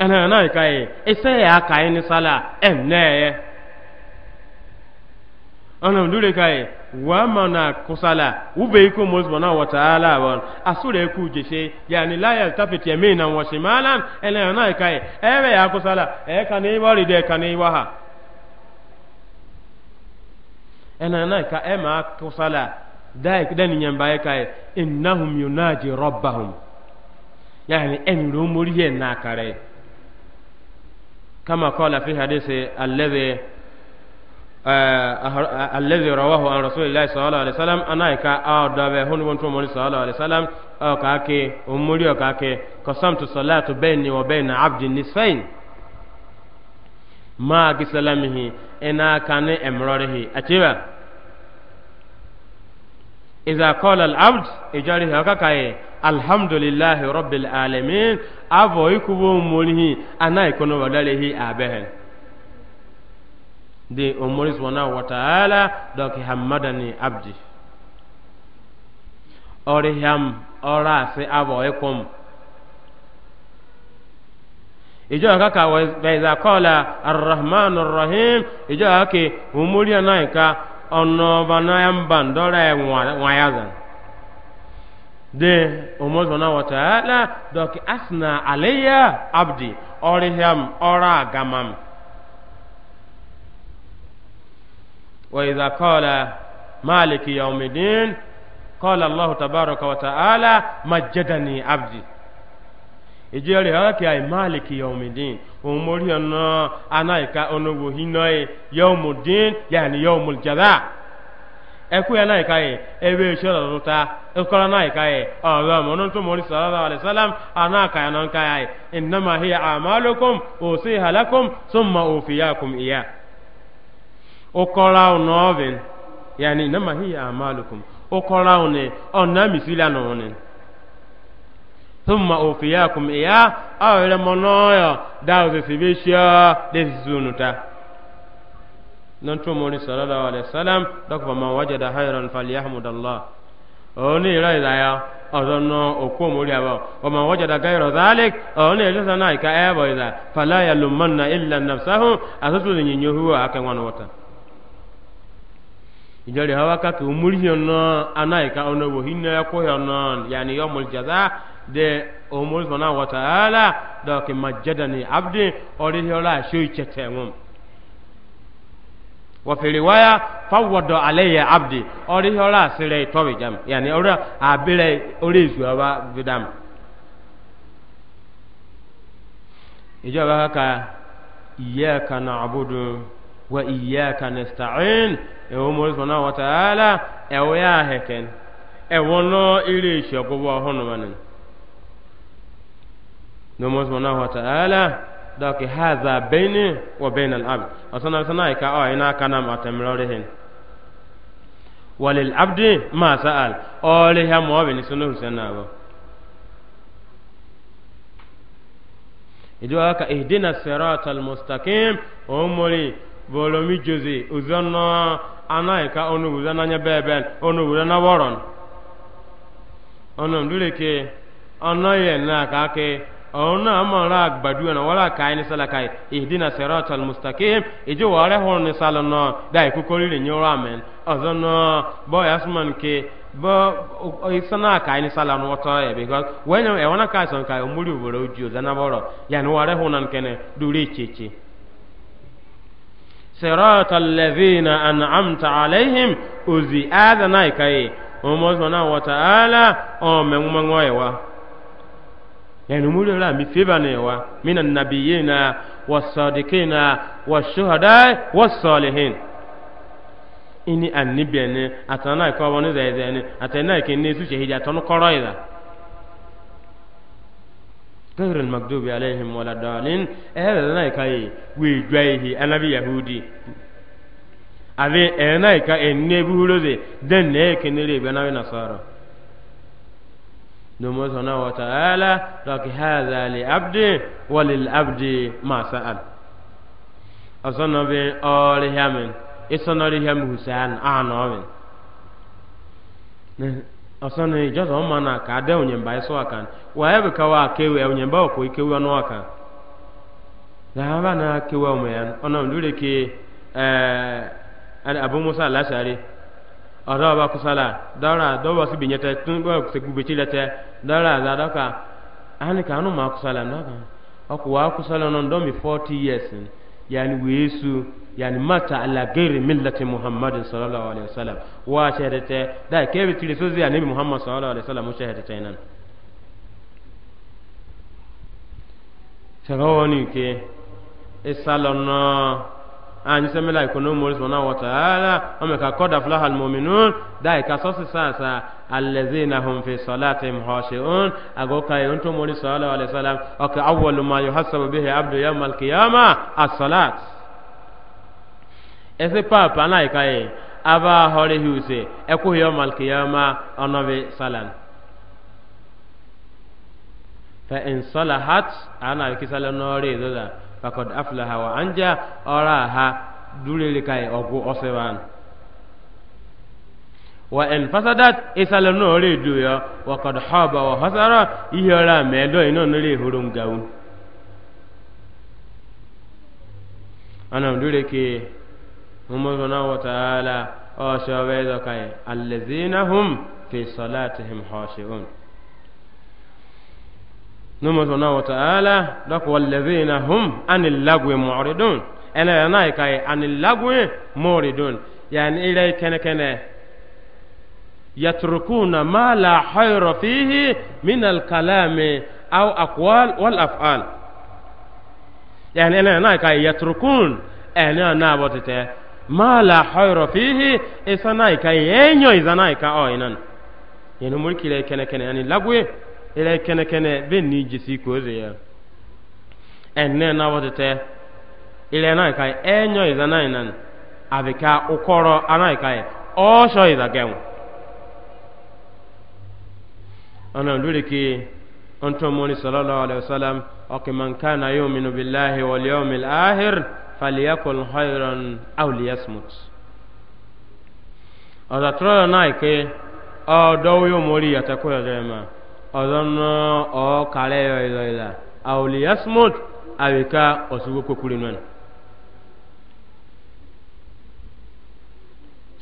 ɛnna na ika yi a yɛ aka yi ni sala ɛn nɛɛyɛ ɔnà lórí ka yi ma na wube wúbẹ̀ ikú na náà ala tààlà wọn eku kú jẹ́sẹ̀ yanni láyà tàfẹ̀tì ẹ̀mí na wọ́n sì máa lan na yi ɛbẹ̀ yà kusala ɛyẹ kan na ika ɛ dáì yẹn ka yi innahum yunaji yanni mórí كما قال في حديث الذي الذي رواه عن رسول الله صلى الله عليه وسلم انا كا ادب هون بنت صلى الله عليه وسلم او كاكي امولي او كاكي قسمت الصلاه بيني وبين عبد نصفين ما قسلمه انا كان امرره اتيبا iza kola al'abd ijari haka kaye alhamdulillahi rabbil alamin avo ikubo murihi ana ikono wadalehi abehen de umuri subhanahu wa ta'ala doki hamadani abdi oriham orasi avo ikum ijo kaka wa iza kola arrahmanur rahim ijo hake umuri anaika ono banaya mban dole ngwayaza de umar subhanahu wa ta'ala doki asna alayya abdi oriham ora gamam wa idha qala maliki yawmiddin qala allah tabaraka wa ta'ala majjadani abdi ejere ha ka ai malik yawmidin umuri no anaika onowo hinoi yawmudin yani yawmul jaza ya naika e ebe shora ruta ekora naika e ala mono to mori sallallahu alaihi wasallam anaka yanan kai e, innama hiya amalukum usiha ya thumma ufiyakum yani ثم أوفياكم إياه أو لما نايا داو سبيشيا لزونتا ننتو مولي صلى الله عليه وسلم دوك فمن وجد خيرا فليحمد الله oni ira idaya ọzọnà òkú òmórí àbọ ọmọ wọn jẹdà gáyọrọ zálẹk ọni ìlẹsẹ náà ìka ẹbọ ìdá fàlàyà lùmọnà ìlà nàfṣáhùn àtúntò lè yìnyín owó akẹwọn wọta. ìjọba ìhàwá kàkì òmórí yẹn náà anáìka ọ̀nà òwò hinna de omori subhanahu wa ta'ala da ke majjadani abdi ori hiola shoyi chete ngum wa fi riwaya fawwada alayya abdi ori hiola sire tobi jam yani ori abire ori zuwa bidam ijaba haka iyyaka na'budu wa iyyaka nasta'in e omori subhanahu wa ta'ala e oya heken e wono ire ishe gobo hono manin nomo subhanahu wa ta'ala dɔki haza bɛni wa bɛni na ɔsana sana ika ɔ oh, ina kana ma tɛmɛrɛ hin walil abdi ma sa'al ɔɔli ha mɔɔ bɛ ni sunu husɛn na ba idu aka ihdina siratal mustaqim o mori bolomi jose uzanna ana na onu uzanna nya beben onu uzanna woron onu ndure ke ye na ka ke ona mara gbadu na wala kai ni sala kai ihdina siratal mustaqim ijo ware hon ni sala no dai ku kori ni nyoro amen ozo no bo yasman ke bo isana kai ni sala no to e because when e wona kai son kai umuri uboro uju zana boro ya ni ware hon nan kene duri cheche siratal ladhina an'amta alaihim uzi adana e, kai umma subhanahu wa ta'ala o mengumangoewa yani muri la mi fiba ne wa minan nabiyina wasadikina washuhada wasalihin ini annibiyani atana ko woni zaizani atana ke ne su shahidi ton koroida غير المغضوب عليهم ولا الضالين هذا نايكاي ويجويه النبي يهودي أبي أنا كأني بقوله ده نايك نريبنا بنصارى nomo sɔnna wa da lɔki haza li abdi walil abdi ma sa'al ɔsɔnɔ bi ɔɔri hɛmin isɔnɔri hɛmin hussein aanɔmin ɔsɔnɔ ijɔsɔ ɔma na ka dɛ onyemba isɔ akan wa ebe ka wa kewe onyemba ɔkɔ ikewe ɔnɔ akan zahaba na kewe ɔmɛ yan ɔnɔ mi lori ke abu musa alasari. ọdọ ọba kusala dọra dọba si binyete tun bọ segubeti lẹtẹ dọra za dọka ani ka anu ma kusala dọka ọkọ wa kusala nọ mi forty years yani weesu yani mata ala geri millati muhammad sallallahu alaihi wasallam wa shahadete da kebe tiri sozi anabi muhammad sallallahu alaihi wasallam shahadete nan tarawani ke isalona anyi sɛmɛla ikono mori sɔnna wataala ɔmɛ ka kɔda fila halimominun dai ka sɔsi saasa alɛze na hunfe sɔlaati mɔɔsi un ago ka ye ntɔ mori sɔɔla wale sɔlam ɔkɛ awɔlu ma yɔ hasabu bihi abdu ya malkiyama a sɔlaat ɛsɛ paapa n'a yi ka ye a b'a hɔri hiwse ɛku yɔ malkiyama ɔnɔbi salan fɛ in sɔlahat a n'a yi kisalen fakod aflaha wa anja ora ha dulele kai ogu oseban wa in fasadat isala no re duyo wa qad haba wa hasara ihara me do ino no re hurun gaun ana dure ke umma zona wa taala o shaweza kai allazina hum fi salatihim khashi'un numu sɔnna wa taala dɔk walɛbina hum ani lagwe mɔɔridun ɛnɛ yɛrɛ n'a ye k'a ye ani lagwe mɔɔridun yanni i yɛrɛ kɛnɛkɛnɛ yatrukuna ma la hayra fihi min alkalami aw aqwal wal af'al yani ɛnɛ n'a ye yatrukun ɛnɛ n'a bɔ ma la hayra fihi isa n'a ye k'a ye ɛnyɔ isa n'a ye k'a ɔ inan ila kene kene ben ni jisi ko ze ya enne na wotete ile na kai enyo iza na inan abika ukoro anai kai o sho iza gen ana ndure ki onto moni sallallahu alaihi wasallam okay man kana yu'minu billahi wal yawmil akhir falyakul khairan aw liyasmut ọ̀dà tọ́lọ̀ náà ike ọ̀dọ́wọ́ yóò mórí àtẹ́kọ̀ọ́ ẹ̀rẹ́ máa ọdọnọ ọ kàlẹ yọ ìlọ ìlà àwòlì yasmut àwìká ọsùgbò kókúrè nù.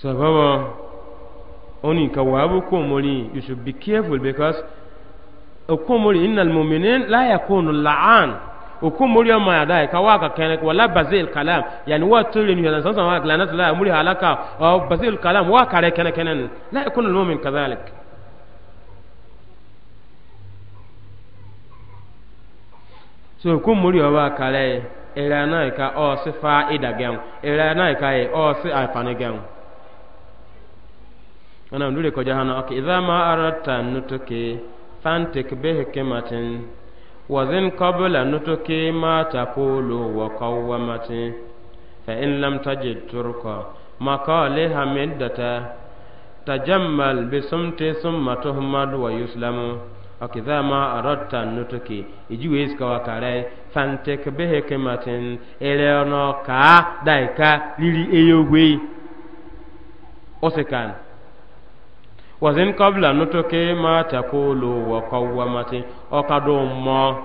sọ̀bọ̀bọ̀ oni ka waabu komori you should be careful because okomori innal mu'minin la yakunu la'an okomori ma ya dai ka waka kene wala bazil kalam yani wa tuli ni yana sansa wa lanatu la amuri halaka o bazil kalam wa kare kene kene la yakunu al mu'min kadhalik so kumuri oba kale ira na ka o se fa ida gem ira na ka e o se afani gem ana ndure ko jahana ok idha ma aratta nutuki fantik bi hikmatin wa zin qabla nutuki ma taqulu wa qawwamati fa in lam tajid turqa maqaliha middata tajammal bi sumti summa tuhmad okay zama aradta nutuki ijiwe iska kare, fantek behe kematin ire ono ka daika lili eyogwe osekan wazin kabla nutuki ma takulu wa kawamati okado mo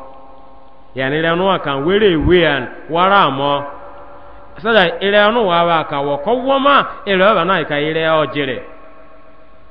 yani ile ono kan were ewe an wara mo sada ile ire wa wa ka wa kawama ma ire na ka ile ojire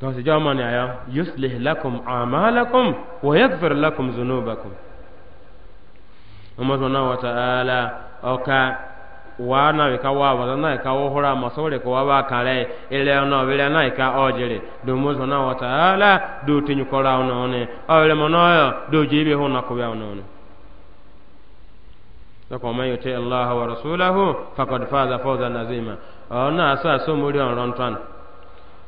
donc c'est jama ne aya yuslih lakum amalakum wa yaghfir lakum dhunubakum umma na wa ta'ala oka wa na ka wa wa na ka wo hora masore ko wa ba kare ile no bile na ka ojire do mo na wa ta'ala do tinyu ko ra ono ne o le mo no do jibe ho na ko ya ono ne sọkọ man allah wa rasulahu faqad faza fawzan azima asa so muri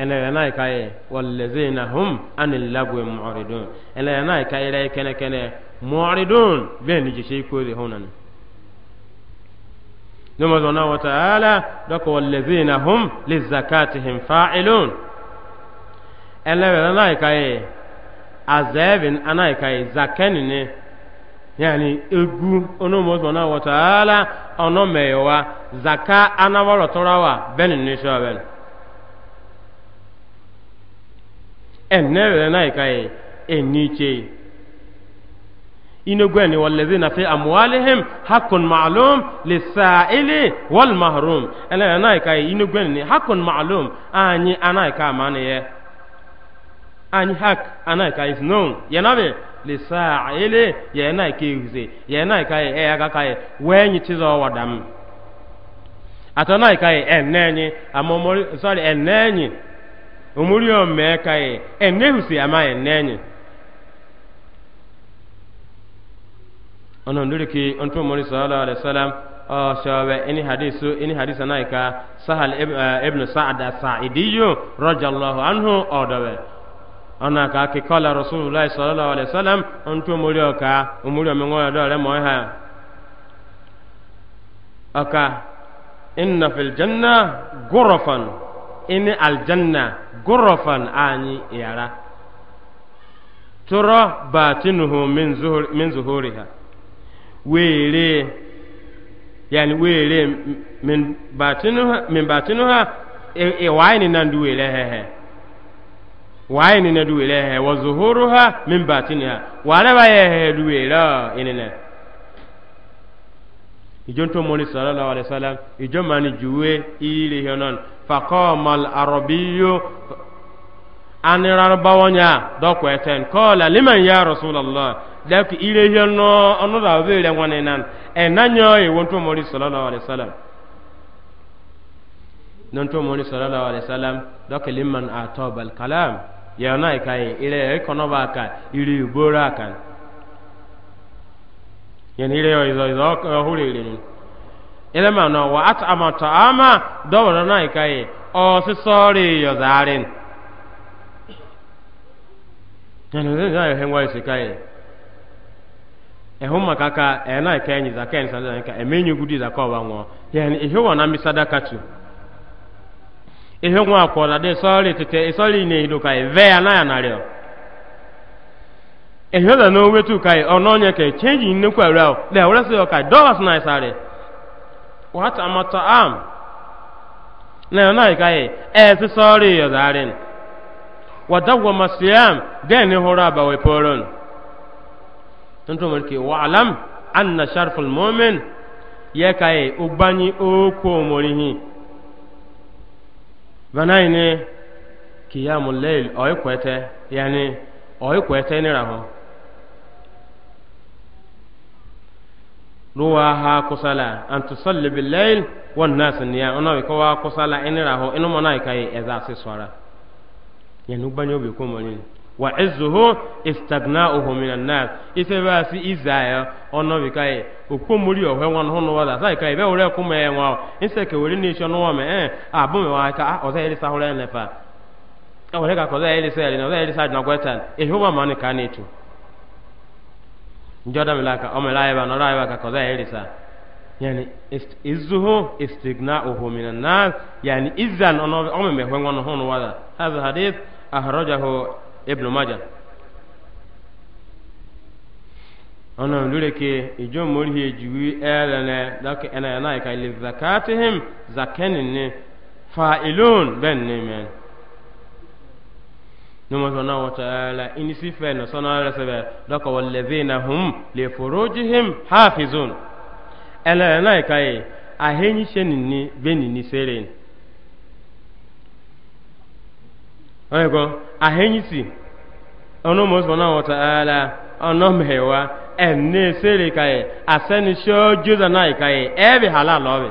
ɛnɛrɛ n'a ye k'a ye walilɛzina hum ani labue mɔɔridun ɛnɛrɛ n'a ye k'a yɛrɛ ye kɛnɛkɛnɛ mɔɔridun bɛɛ ni jese ko de hɔn nani nomu zɔnna wata ala dɔkɔ walilɛzina hum lizakatihim fa'ilun ɛnɛrɛ n'a ye k'a ana ye k'a ne yani egu ono mɔzɔn na wata ala ɔnɔ mɛyɛ zaka anabɔlɔ tɔra wa ni nisɔn bɛɛ ẹnẹrẹ náà ìka yẹ ẹni ìkye inú gbẹ́ni na e, fi amualihim hakun maalum lè sàáìlì wọ́l mahrum ẹnẹrẹ náà ìka yẹ e, inú gbẹ́ni hakun maalum anyi aná ìka yẹ anyi hak aná is known yẹn náà bẹ lè sàáìlì yẹn náà ìka ìwùsẹ yẹn náà ìka yẹ ẹ̀yà kaka yẹ wẹ́ẹ̀nyi tí zọ náà yẹ omuri o mee ka ye enehu si ama enenye ono nduri ki onto mori sallallahu alaihi wasallam o shawe ini hadisu ini hadisa nai ka sahal eh, ibn sa'ad sa'idiyo radiyallahu anhu odawe ona ka ki kala rasulullah sallallahu alaihi wasallam onto mori o ka omuri o me ngoya dole mo ha aka inna fil janna ghurafan in aljanna gurrofan anyi yara turo batinuhu min zuhuriha were yani were min batinuha min batinuha iwaini e, e nan duwele hehe waini na duwele hehe wa zuhuruha min batiniha wale ba yehe duwele inene ijonto moni sallallahu alaihi wasallam ijo mani juwe ile hiyonon faqamal arabiyyu anirar bawonya doko eten kola liman ya rasulullah dako ile hiyono onu da obere ngwane nan enanyo iwonto moni sallallahu alaihi wasallam nonto moni sallallahu alaihi wasallam doko liman atobal kalam yana ikai ile kono baka ile ibora kan yani ile yo izo izo ko hule ni ile ma no wa at ama ta ama do wa na ikai o si sorry yo zarin yani ile na he ngwa ise kai e ho makaka e na ikai ni zakai ni sanda ka e menyu gudi za ko ba ngo yani e ho wa na mi sadaka tu e ho ngwa ko na de sorry tete e sorry ni idoka e ve ya na ya na leo ehioda na owetu kai ọnụ onye ka chenji nnekwu arụ ahụ lee were sị ọka dọlas na ịsarị wata amata am na ya e naghị kaghị ezi sọrị yọzarị wadagwa masiyam den hụrụ abawe poron tuntun mulki wa alam anna sharful mumin ya kaghị ụgbanye okwu omorihi banaghị ne kiyamul oikwete ọikwete yani oikwete nira hụ luwa ha kusala an tusalli bil layl wan nas niya ona be ko wa kusala inira ho inu mona ikai eza se swara yanu banyo ko wa izzuhu istaghna'uhu minan nas ise ba si ona be kai okomori ohe wan ho no wala sai kai be wore ko me wa inse ke wori ni shono wa me eh abu ah, me wa ka o sai sa hore ka wore ka ko sai sai sa na kwetan e ho ma ka ni tu njoda milaka o melaiba no raiba ka koda elisa yani ist, izuhu istighna'uhu min an-nas yani izan ono o me hwen ono hono wala hadha hadith ahrajahu ibn majah ona lure ke ijo mori ejiwi elene dak ena na ka li zakatihim zakenin fa'ilun ben ne men نما سبحانه وتعالى إن سفن صنع رسبة لك والذين هم لفروجهم حافظون ألا نايكاي أهني شنني بني نسيرين أيكو أهني سي أنو مصبنا وتعالى أنو مهوا أني سيري كاي أسني شو جوزا نايكاي أبي حلال أبي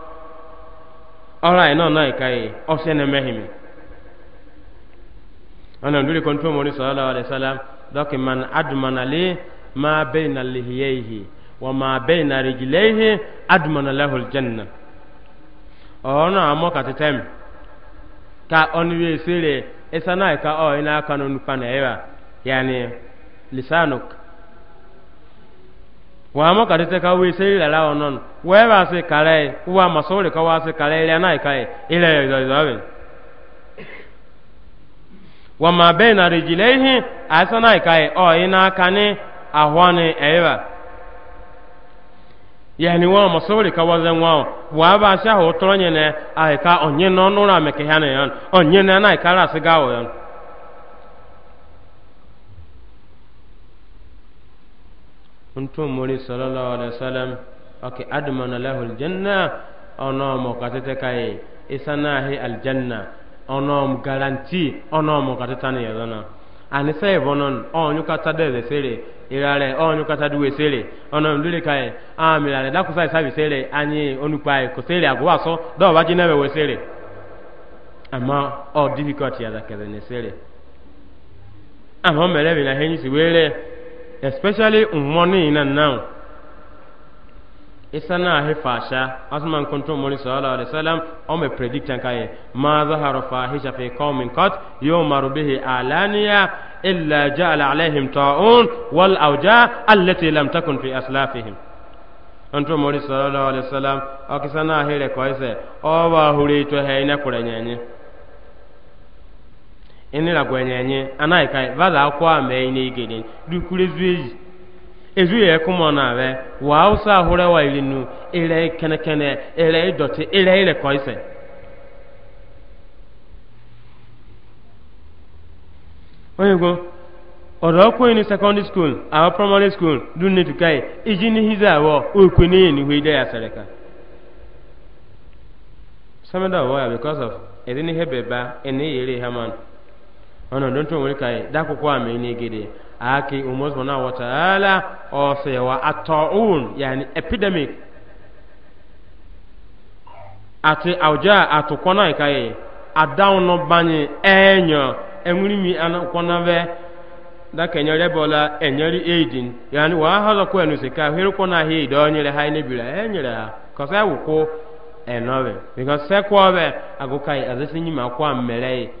ọ̀rọ̀ àìná náà ìka yìí ọ̀sẹ̀ ní mẹ́hìnmí. ọ̀nà ìdúrí kan tó mọ̀ ní sọ̀rọ̀ àwàdì sálá dọ́kì man adùmọ̀nàlé máa bẹ́ẹ̀ na lèhìyẹ ìhì wọ́n máa bẹ́ẹ̀ na rìjìlẹ̀ ìhì adùmọ̀nàlé hùl jẹ́nà. ọ̀rọ̀ náà àmọ́ kàtí tẹ́m ka ọ̀nìwé sèrè ẹ̀sán náà ìka ọ̀ ìná kanu nípa nàìjíríà yàní lisanuk wama kadete ka wese ila la onon weba se kale wa masole ka wase kale ile na ikae ile yo yo wa ma baina rijlaihi asana ikae o ina kane ahwane ewa yani wa masole ka wazan wa wa ba sha ho tronye ne aika onye no nura meke hanan onye na na ikara sigawo yon ntun mori sallallahu alaihi wasallam ake admana lahu aljanna ono mo isanahi aljanna ono garanti ono mo katete ne yana ani sai kata de irare onyu kata duwe sele ono ndule kai amirare da kusai sabi anyi onupai ko sele agwa so do ba jinabe we ama ama mere bi na si were especially mmɔni na nan isa na ahe fasha asuman kuntum muni sallallahu alaihi wasallam o me predict an kaye ma zahara fahisha fi qaumin qad yumaru bihi alaniya illa ja'ala alaihim ta'un wal awja allati lam takun fi aslafihim antum muni sallallahu alaihi wasallam o ahe re ko ise o wa huri to he ne ịnịra gwenyenye anaghị ka vada akwọ a mee na igede dukure ezu eyi ezu ya ekụ na abịa wa awụsa ahụrụ ewa iri nu kene kenekene ire ịdọtị ile irekọ ise onye gwo ọdọ ọkụ ni sekọndị skuul ahụ praịmarị skuul dụ netukai iji n'ihize awọ okwe n'ihe n'ihu ide ya sere ka sameda ọwọ ya because of edi n'ihe beba ị na-eyere ha mmanụ ono don to woni kai da ko kwa me ne gede aki umar subhana wa ta'ala o se wa ataun yani epidemic ati auja atu kona kai adaun no banye enyo enwiri mi an kona ve da kenya enyere enyeri aidin yani wa hala ko enu se ka hiru kona he do nyere ha ne bira enyere ha ko se wuko enowe because se ko be agukai azesi nyima kwa mmere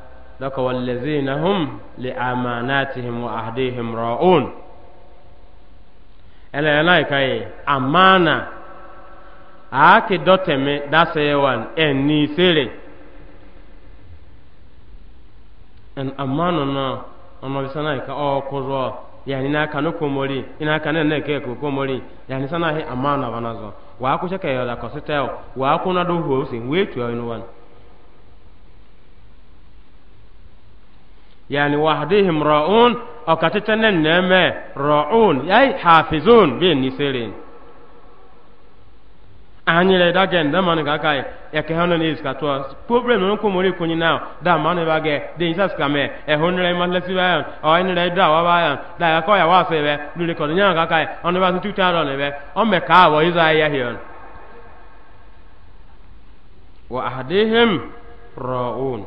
dɔkɔ walezina hum li amanatihim wa ahdihim ra'un ɛnna ɛnna yi ka yi amana aaki dɔtɛmi daseewan ɛnni sere ɛn amana na ɔnɔ bisana yi ka ɔɔ kuzɔ yanni n'a kanu komori ina kanu ne ke ko komori yanni sana yi amana bana zɔ waa kusa kɛyɔ la kɔsitɛ waa kuna do huwusi wee tuyɔ yi ni wani. yani wahdihim ra'un o katitene neme ra'un yai hafizun bi nisirin anyere da gen da man ga kai ya ke hono is ka to problem no ko mori kunyi na da man ba ge de isa ska me e honre man lesi ba o en re da wa ba da ya ko ya wa se be du le ko nya ga kai on ba tu ta ro ne be on me ka wo isa ya hiyon wa ahdihim ra'un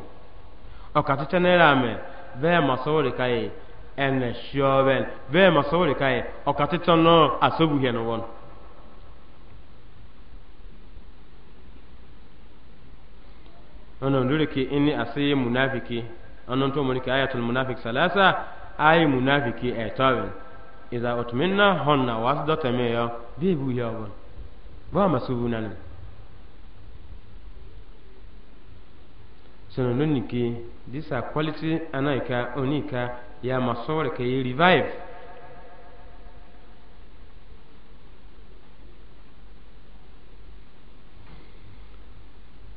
o katitene rame bɛɛ masawori ka ye ɛnɛ siyɔbɛn bɛɛ masawori ka ye o ka ti tɔnɔ a sobu hɛn wɔn. ɔnɔ lori ki ini a se munafiki ɔnɔ to mori ki ayatul munafik salasa ayi munafiki ɛtɔbɛn iza otumina hɔn na wasu dɔ tɛmɛ yɔ bi bu yɔ wɔn bɔn ma subu nanin. sono non niki these are quality anaika onika ya masore ke revive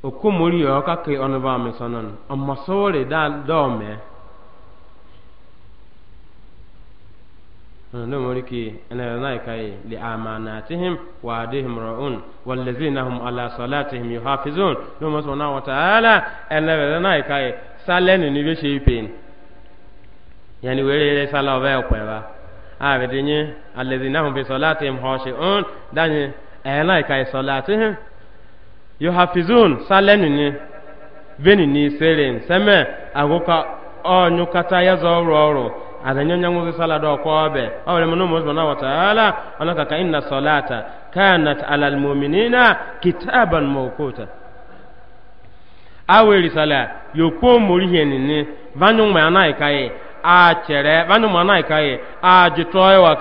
okomori yo kake onoba mesonon amasore da dome ndo mori ki ene nai kai li amanatihim wa adihim raun wallazina hum ala salatihim yuhafizun ndo mo sona wa taala ene nai kai salen ni be Ya yani were re sala ba ko ba a be dinye allazina hum bi salatihim khashi'un danye ene nai kai salatihim yuhafizun salen ni veni ni seren seme agoka onyukata ya zo ọrụ ọrụ adanyanya nguzi sala do kobe awle munu mo subhanahu wa ta'ala anaka ka inna salata kanat alal mu'minina kitaban mawquta aweli sala yoko mori henini vanyu ma anai kai a chere vanyu ma anai a jitoy wa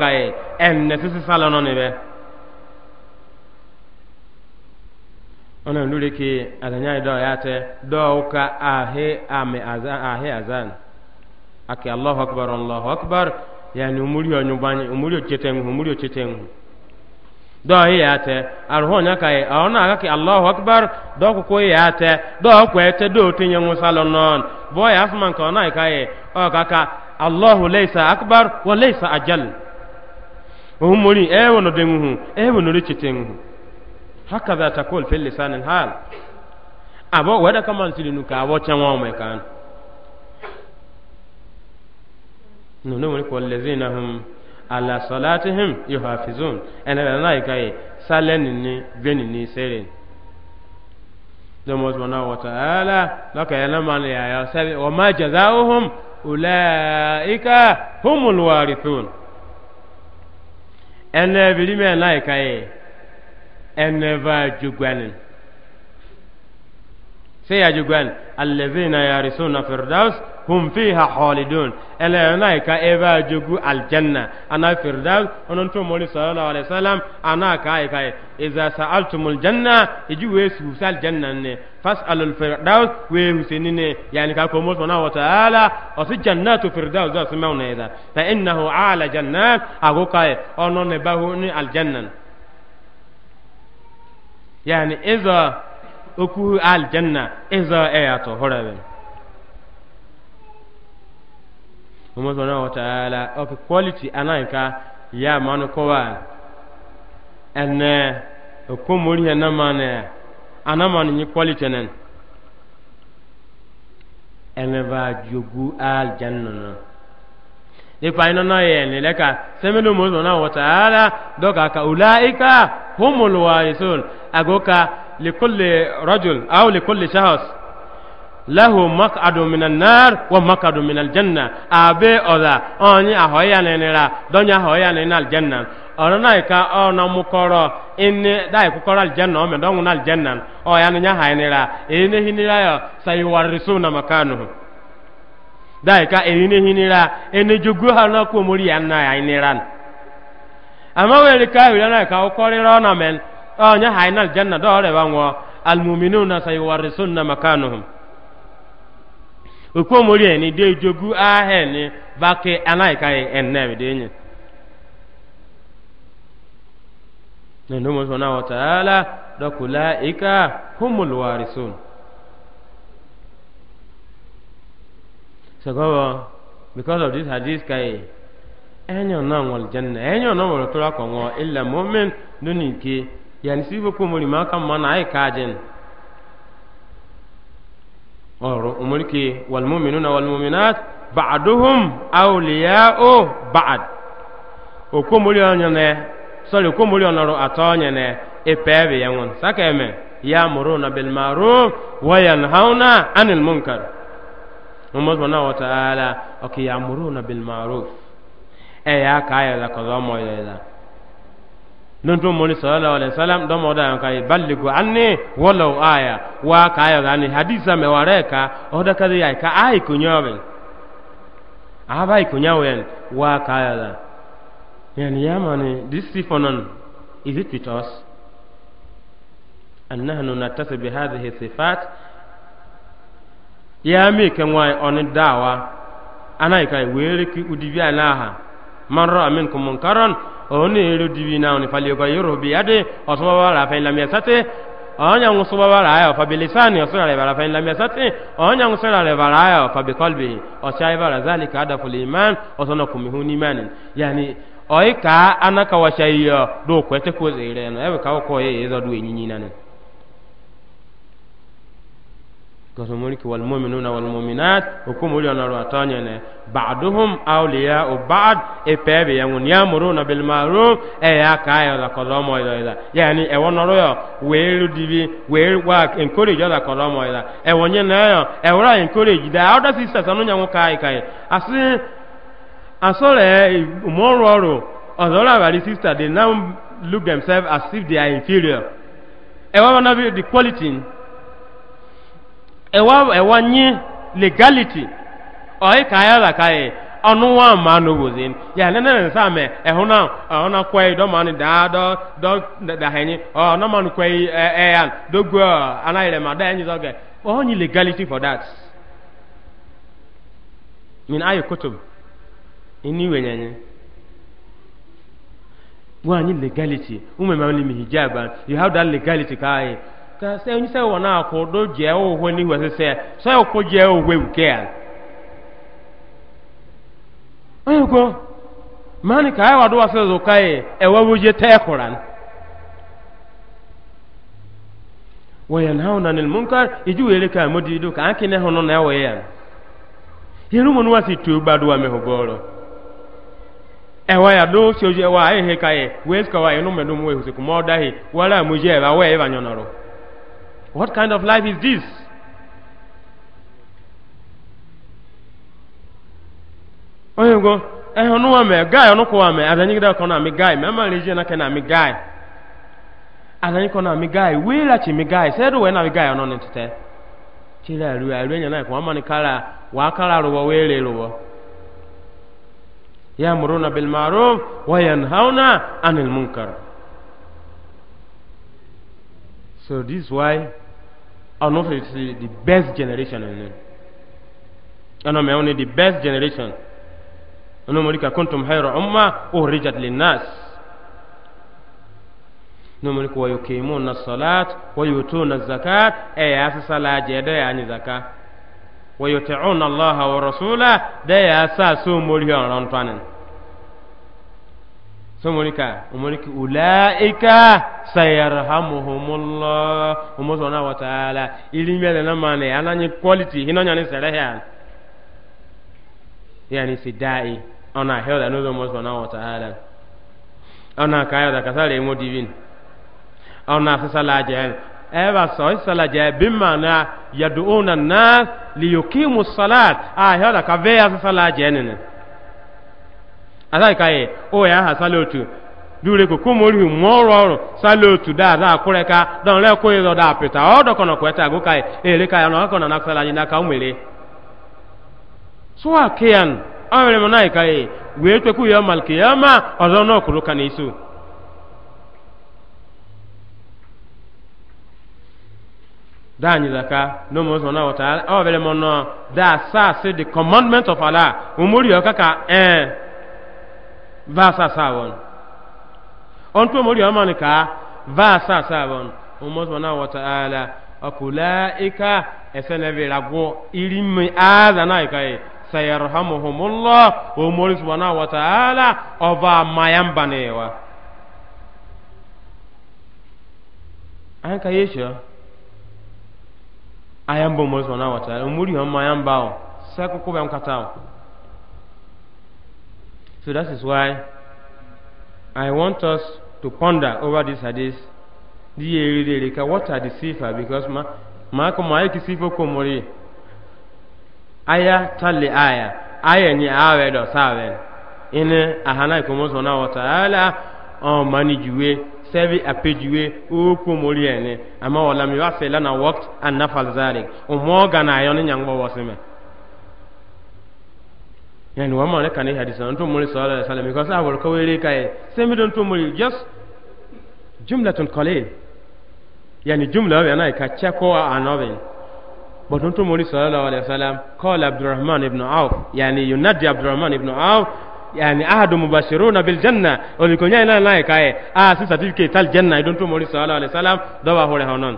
enne sisi sala no nebe ona ndule ki adanyai do yate do ka ahe ame azan ahe azan ake allahu akbar allahu akbar yani umuri onyu banye umuri ochetengu umuri ochetengu do yate arho nya kai ona ake allahu akbar do ko ko yate do ko ete do tinye ngusalon non boy asman ko na kai o kaka allahu laysa akbar wa laysa ajal umuri ewo no dengu ewo no ochetengu hakaza takul fil lisan al hal abo wada kama silinu ka wo chan kan nunu ko lezina hum ala salatihim yuhafizun ene la nai kai salen ni veni ni sere domo zwana wa ta'ala laka yana man ya ya sabi wa ma jazaohum ulaika humul warithun ene biri me nai kai ene va jugwanin sai ya jugwan allazina yarisuna firdaus hum fiha khalidun ele na ka eva jogu aljanna ana firdaus onon to moli sallallahu alaihi wasallam ana ka ai kai iza sa'altumul janna iju we su sal janna ne fas'alul firdaus we huseni ne yani ka ko mol wa ta'ala o si jannatu firdaus da su mauna ida fa innahu ala jannat ago kai onon ne bahu ni aljanna yani iza okuhu aljanna iza ayato e horabe mɔmɔ sɔnna wa taala ok quality anan ka ya manu kowa ɛnɛ eh, ko mori yɛ na ma nɛ ana ma ni quality nɛ ɛnɛ ba jogu al janna na ipa ina na yɛ ni lɛ ka sɛmɛlu mɔmɔ sɔnna wa taala dɔ ka ka ulaika humul warisun ago ka likulli rajul aw likulli shahas lahu makadu minan nar wa makadu minal janna abe oda onye ahoya nenira donya ahoya nenal janna ọ̀rọ̀ náà ìka ọ̀nà mukọ̀rọ̀ ẹni dáì kúkọ́rọ̀ àlìjẹ́nà ọmọ ẹ̀dọ́gùn náà àlìjẹ́nà ọ̀ya ni yáhà ẹnira èyí e ní hinira yọ sàyíwárìsù nà màkánu dáì ká èyí e ní hinira ẹni e jogún ha náà kú mórí yàn náà ẹnira. àmọ́ wọ́n ẹ̀rí ká ìwúrẹ́ náà ìka ọkọ̀rẹ́rẹ́ ọ̀nà mẹ́n ọ̀nyáhà ẹnà àlìjẹ́nà dọ́ọ̀rẹ́ wa okpomori eni de jogu ahe ni bake anaika enne de nyi ne no mo na wa taala dokula ika humul warisun sagoba because of this hadith kai enyo na wal janna enyo na wal tura ko ngo illa mu'min dunin ke yani sibo ko ma kan mana ai kajin ọ̀rọ̀ òmùríkè wàlmúmínú na wàlmúmínát bàdúhùn àwòlíyá ó bàd òkúmúrí ọ̀nyẹ̀nẹ̀ sọ̀rọ̀ òkúmúrí ọ̀nọ̀rọ̀ àtọ̀ọ̀nyẹ̀nẹ̀ ìpẹ́ bìyẹn wọn sákẹ́mẹ̀ yá múrò na bẹ̀lmárò wọ́yẹn hàúnà ánìl múnkàr ọmọdún náà wọ́tàlá ọkì yá múrò na bẹ̀lmárò ẹ̀yà káyọ̀ lakọ̀lọ́mọ̀ yẹ̀ nuntu muni sallallahu alaihi wasallam don mo da kai balligu anni walau aya wa ka ya gani hadisa oh, me wareka o da kadi ya ka ai kunyawe a bai kunyawe wa ka ya da yani ya this sifonon is it with us an nahnu bi hadhihi sifat ya mi kan oni dawa anai kai were ki udibi anaha man ra'a minkum munkaran oni iru dibi na oni fali ko yoro bi ade osuma ba ra fa lam yasate onya ngusuma ba ra ya fa bilisani osuna re ba ra fa lam yasate onya ngusuna re ba ra ya fa bi qalbi osai ba ra zalika adaful iman osona kumihuni iman yani oika anaka washayo do kwete ko zire no ewe ka ko ye ezo du enyinyina ne gosomori ki walmuminuna walmuminat okumuli ona ro atonyene ba'duhum awliya u ba'd e pebe yangun yamuruna bil ma'ruf e ya kayo la kolomo ida ida yani e wonoro yo weru dibi weru wa encourage la kolomo ida e wonye na yo e wora encourage da other sisters anu nyangu kai kai asi asole umoro oro odora bari sister they now look themselves as if they are inferior e wona the quality ewa ewa nye legality oyi ka ya la ka ye ọnụ nwa ma no wozin ya nene ne ne nsa me ehụ na ọ na kwai do ma ni da do do da henyi ọ na ma ni kwai e, e ya do go ana ile ma da enyi zo ge ọ nyi legality for that min ayi kutub ini wenyenye wa nyi legality umme ma ni hijaba you have that legality kai ka sɛ nyi sɛ wɔn a do gyeɛ wɔ hɔ ni wɔ sɛ sɛ ɔkɔ gyeɛ wɔ hɔ ewu kɛɛ ɔyɛ kɔ maani kaa ɛwɔ do wa sɛ zo kae ɛwɔ koran na nil munkar iji wo ka kaa mo di do kaa kene na ɛwɔ ya. yɛn mu no wa si tu ba do wa mi ho bɔɔlɔ ɛwɔ ya do sojú ɛwɔ ka he kae wɛsi kawa yɛn no mɛ do mu ehusi kumɔ ɔda he wɔlé amujɛ ɛwɔ awɔ yɛ ba What kind of life is this? Onye go, eh ọnụ wa mee, gaa ọnụ kwa As abịa nyigide ọkọ na mi gaa, mee mara ije n'aka na mi gaa. Ada nyikọ na mi gaa, wee lachi mi gaa, sị edu wee na mi gaa ọnụ n'etete. Chile aru aru enyo na kwa mani kala, wa kala ruwa wee le ruwa. Ya muru na bil ma'ruf wa yanhauna anil munkar. So this is why ọ̀nà fi si the best generation ẹ̀nu ẹ̀nà mẹ́wọ́n ni the best generation ẹ̀nà mọ̀rí ka kóńtùm hẹ́rọ ọ̀ma ó rí jàdìlẹ̀ nas ẹ̀nà mọ̀rí ka wọ́yọ̀ kéémù na sọ́láàt wọ́yọ̀ tó na zakat ẹ̀ yà á sísá láàjì ẹ̀ dẹ́yà á ní zaka wọ́yọ̀ tẹ̀cún na lọ́ha wọ́rọ̀ sólà dẹ́yà somolika omoliki ulaika sayarhamuhumullah omo sona wa taala ilimele na mane ananyi quality hino nyani serehan yani sidai ona hela no omo sona wa taala ona kayo da kasale mo divin ona sasala jel eba so sala je bimana yad'una an-nas liyuqimu as-salat ah hela ka veya sasala jenene adaika ye o ya ha salotu dure ko ko mori mo rọrùn salotu da da kure ka don le ko yo da pita o do kono kweta go kai ere kai no kono na kwela nyina ka umere so akian awere mo nai kai we to ku yo mal kiyama ozo no kuru kan isu danyi zaka no mo so na wata awere mo no da sa se the commandment of allah umuri yo kaka eh vaasa saabon on to mori amani ka vaasa saabon umar subhanahu wa ta'ala akulaika esene vera go irimi azana ikaye sayarhamuhumullah umar subhanahu wa ta'ala ova mayamba newa an yesho ayamba umar subhanahu wa ta'ala mayamba o So that is why I want us to ponder over this hadith. What are the sifa? Because maako maayi kisifo komori aya tali aya aya ni awe do sawe ine ahana ikomoso na wata ala o mani juwe sebi apejuwe o komori ene ama wala mi wa sela na waqt an nafal zalik o mo gana nyangbo wasime yani wa ma ne kan hadisa an to muri sallallahu alaihi wasallam ko sa war ko were kai sai mi don to muri just jumlatun qalil yani jumla wa nai ka cha ko anobe but don to muri sallallahu alaihi wasallam qala abdurrahman ibn auf yani yunadi abdurrahman ibn auf yani ahadu mubashiruna bil janna oli ko nyai nai kai a ah, si certificate al janna don to muri sallallahu alaihi wasallam do wa hore honon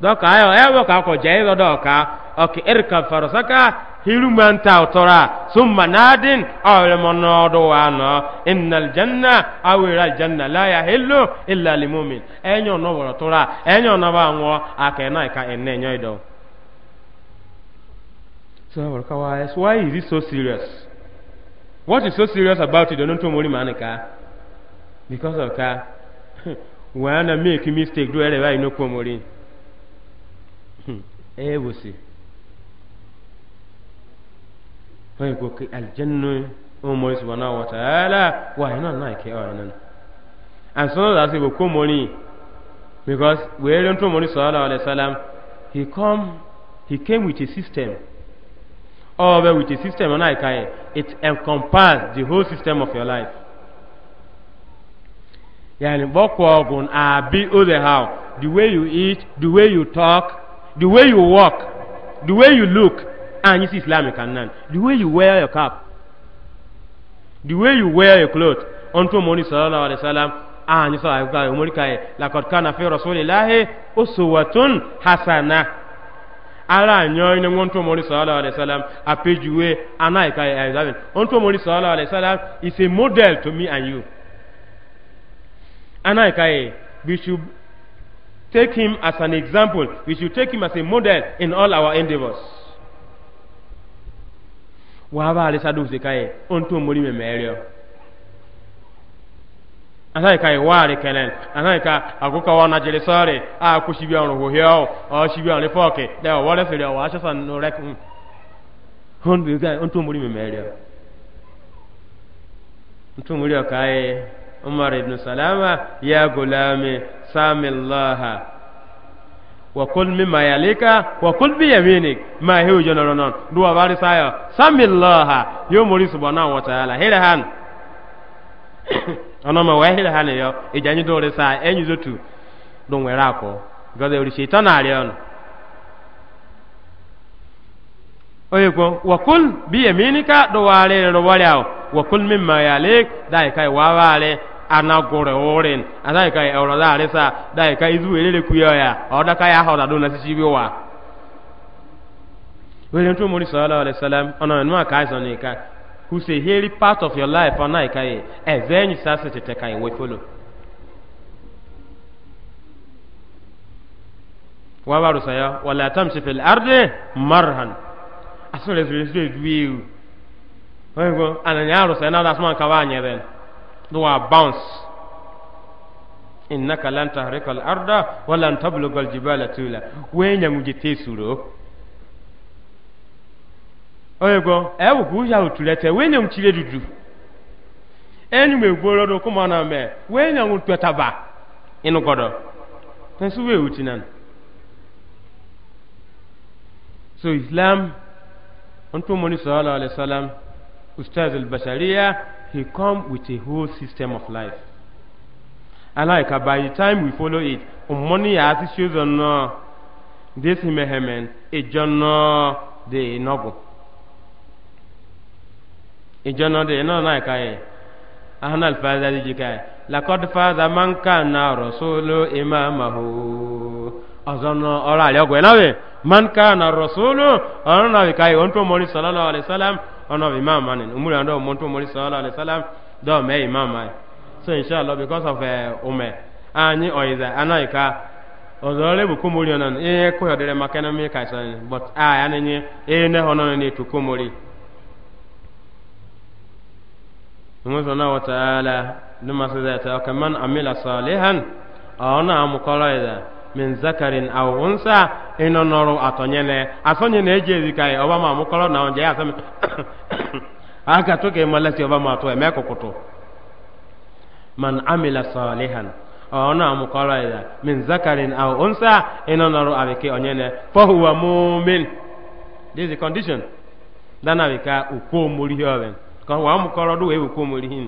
do ka ayo e ka ko jai do ka ok irka farasaka hiruman tautora summa nadin awre monodo wano innal janna awira janna la yahillu illa lil mu'min enyo no woro tora enyo no ba nwo akena ka enenyo ido so worka ka is why is it so serious what is so serious about it don't mori manika because of ka when i make mistake do ever you know komori hmm, eh we fɛn ko ke aljannu o mori subhanahu wa ta'ala wa ina na ke o ina and so that we ko mori because we don't to mori sallallahu alaihi wasallam he come he came with a system all oh, with a system and I can it encompass the whole system of your life yani bokwa ogun abi o how the way you eat the way you talk the way you walk the way you look and ah, you see Islamic and The way you wear your cap, the way you wear your clothes, unto Moni sallallahu alayhi wa sallam, and ah, you saw Abdullah Umar Kai, Lakot Kana Fe Rasulillahi, Usuwatun Hasana. Ara nyo ina unto Moni sallallahu alayhi wa sallam, apejuwe, anai Kai Aizabin. Eh, unto Moni sallallahu alayhi wa sallam is a model to me and you. Anai Kai, we should take him as an example. We should take him as a model in all our endeavors. waba alisa duse kai on to muri me merio anai kai wari kelen anai ka aguka wana jele sare a ku shibi on ho hio o shibi on foke da wale fere wa sha san no rek hon mm. bi kai on to muri me merio on to muri kai umar ibn salama ya gulami samillaha wakul mimma yalika wakul bi yaminik ma hew jono non duwa bari Sami Allaha, yo mori subhanahu wa ta'ala hele han ono ma wa hele han yo e janyu dole sa enyu zotu don wera ko gade ori shaitan ari on oye ko wakul bi yaminika do wale do wale wakul mimma yalik dai kai wa wale ana gore oren adai kai ora da resa dai kai izu elele kuyoya oda kai aha oda do na sisi biwa wele ntu muri sallallahu alaihi wasallam ona nwa kai so ni kai who say heri part of your life ona kai e venyi sasa tete kai we follow wa baru saya wala tamshi fil ardi marhan asore zure zure duwe o ko ananya arusa na da asman kawanye ben no wa bounce innaka lan tahrika al arda wa lan tablugha al jibala tula wenya mujite suro oyego ewu ku ya otulete wenya mchire dudu enu megboro do kuma na me wenya mutwetaba inu godo pesu we utinan so islam antum muni sallallahu alaihi wasallam ustaz al bashariya he come with a whole system of life And alaika uh, by the time we follow it umoni ya ati shozo no this mehemen ejo no de inogu ejo no de inogu naika ye ahana alfaza di jika ye lakod faza man kana rasulu imamahu azana ọrọ àlẹ ọgbẹ náà wẹ man kana rasulu ọrọ náà wẹ káyọ ọ̀n tó mọ́ni sọlọ́lá alẹ́ sálám ono of imam manin umuri and monto muri sallallahu alaihi wasallam do me imama so inshallah because of ume anyi oiza anaika ozore bu kumuri onan e ko yodere makana mi ka but a anenye e ne hono ne tu kumuri Mwenyezi wa numa amila salihan na amukala min zakarin aw unsa ino noru atonyene asonye na eje ezikai oba ma mukoro na onje asami aka toke malati oba ma to eme kokoto man amila salihan ona mukoro ida min zakarin aw unsa ino noru abike onyene fa huwa mu'min this is the condition dana bika ukwo muri hioben kan wa mukoro du e ukwo muri hin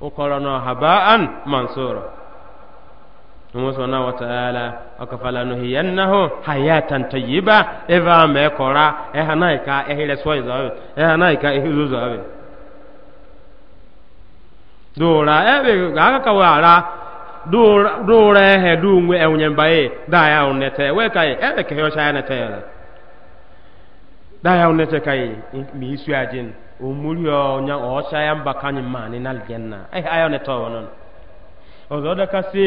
ukoro no habaan mansura numu sɔnna wa taala ɔkafala nuhi yannahu hayatan tayyiba eva mɛ kɔra ɛhana yi ka ɛhirɛ sɔyi zɔbi ɛhana yi ka ɛhiru zɔbi dora ɛbi aka ka wara dora ɛhɛ e, ɛwunyɛnba ye daa yawu nɛtɛ wɛ ka ye ɛbɛ kɛhɛ ɔsaya nɛtɛ yɛrɛ ya yawu nɛtɛ ka ye mi isu ajin omuri ɔnya ɔsaya mba kanyi maa ni na aljanna ɛhɛ ayawu nɛtɛ wɔ nɔn ɔzɔ dɛ ka se.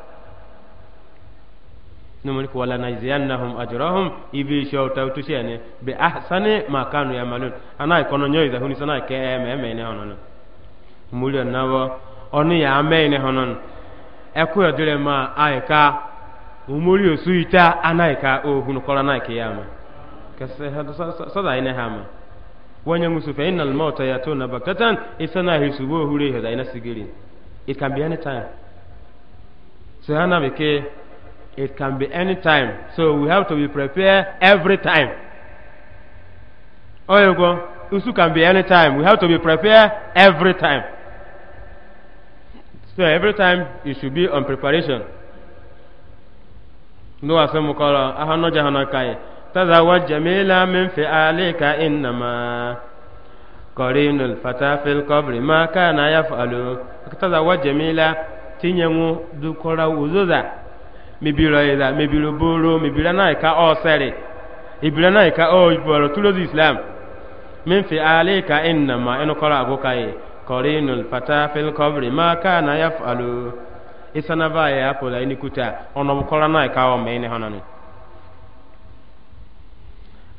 نملك ولا نجزينهم أجرهم إبي شو توتشيني بأحسن ما كانوا يعملون أنا يكون نيو إذا هني سنا كأم أم إني هنون مولي نوا أني أم إني هنون أكو يدل ما أيكا ومولي سويتا أنا أيكا أو هن كلا نايكي أم كس هذا صدا إني هم وين يمسوا فإن الموت يأتون بكتان إسنا هيسبوه هوري هذا إنا سجلين it can be any time so أنا بكي It can be any time. So we have to be prepared every time. Oyego, oh, usu can be any time. We have to be prepared every time. So every time you should be on preparation. Ndo asemu kola ahano jahana kai. Tazawaj jamila min fi alika innama qarinul fata fil qabri ma kana yaf'alu. Tazawaj jamila tinyangu dukora uzuza. mebiro ida mebiro boro mebiro na ka o sere ibiro na ka o iboro tulo islam min fi alika inna ma inu kora ago kai korinul fata fil qabri ma kana yafalu isana ba ya apola ini kuta ono na ka o me ni hanani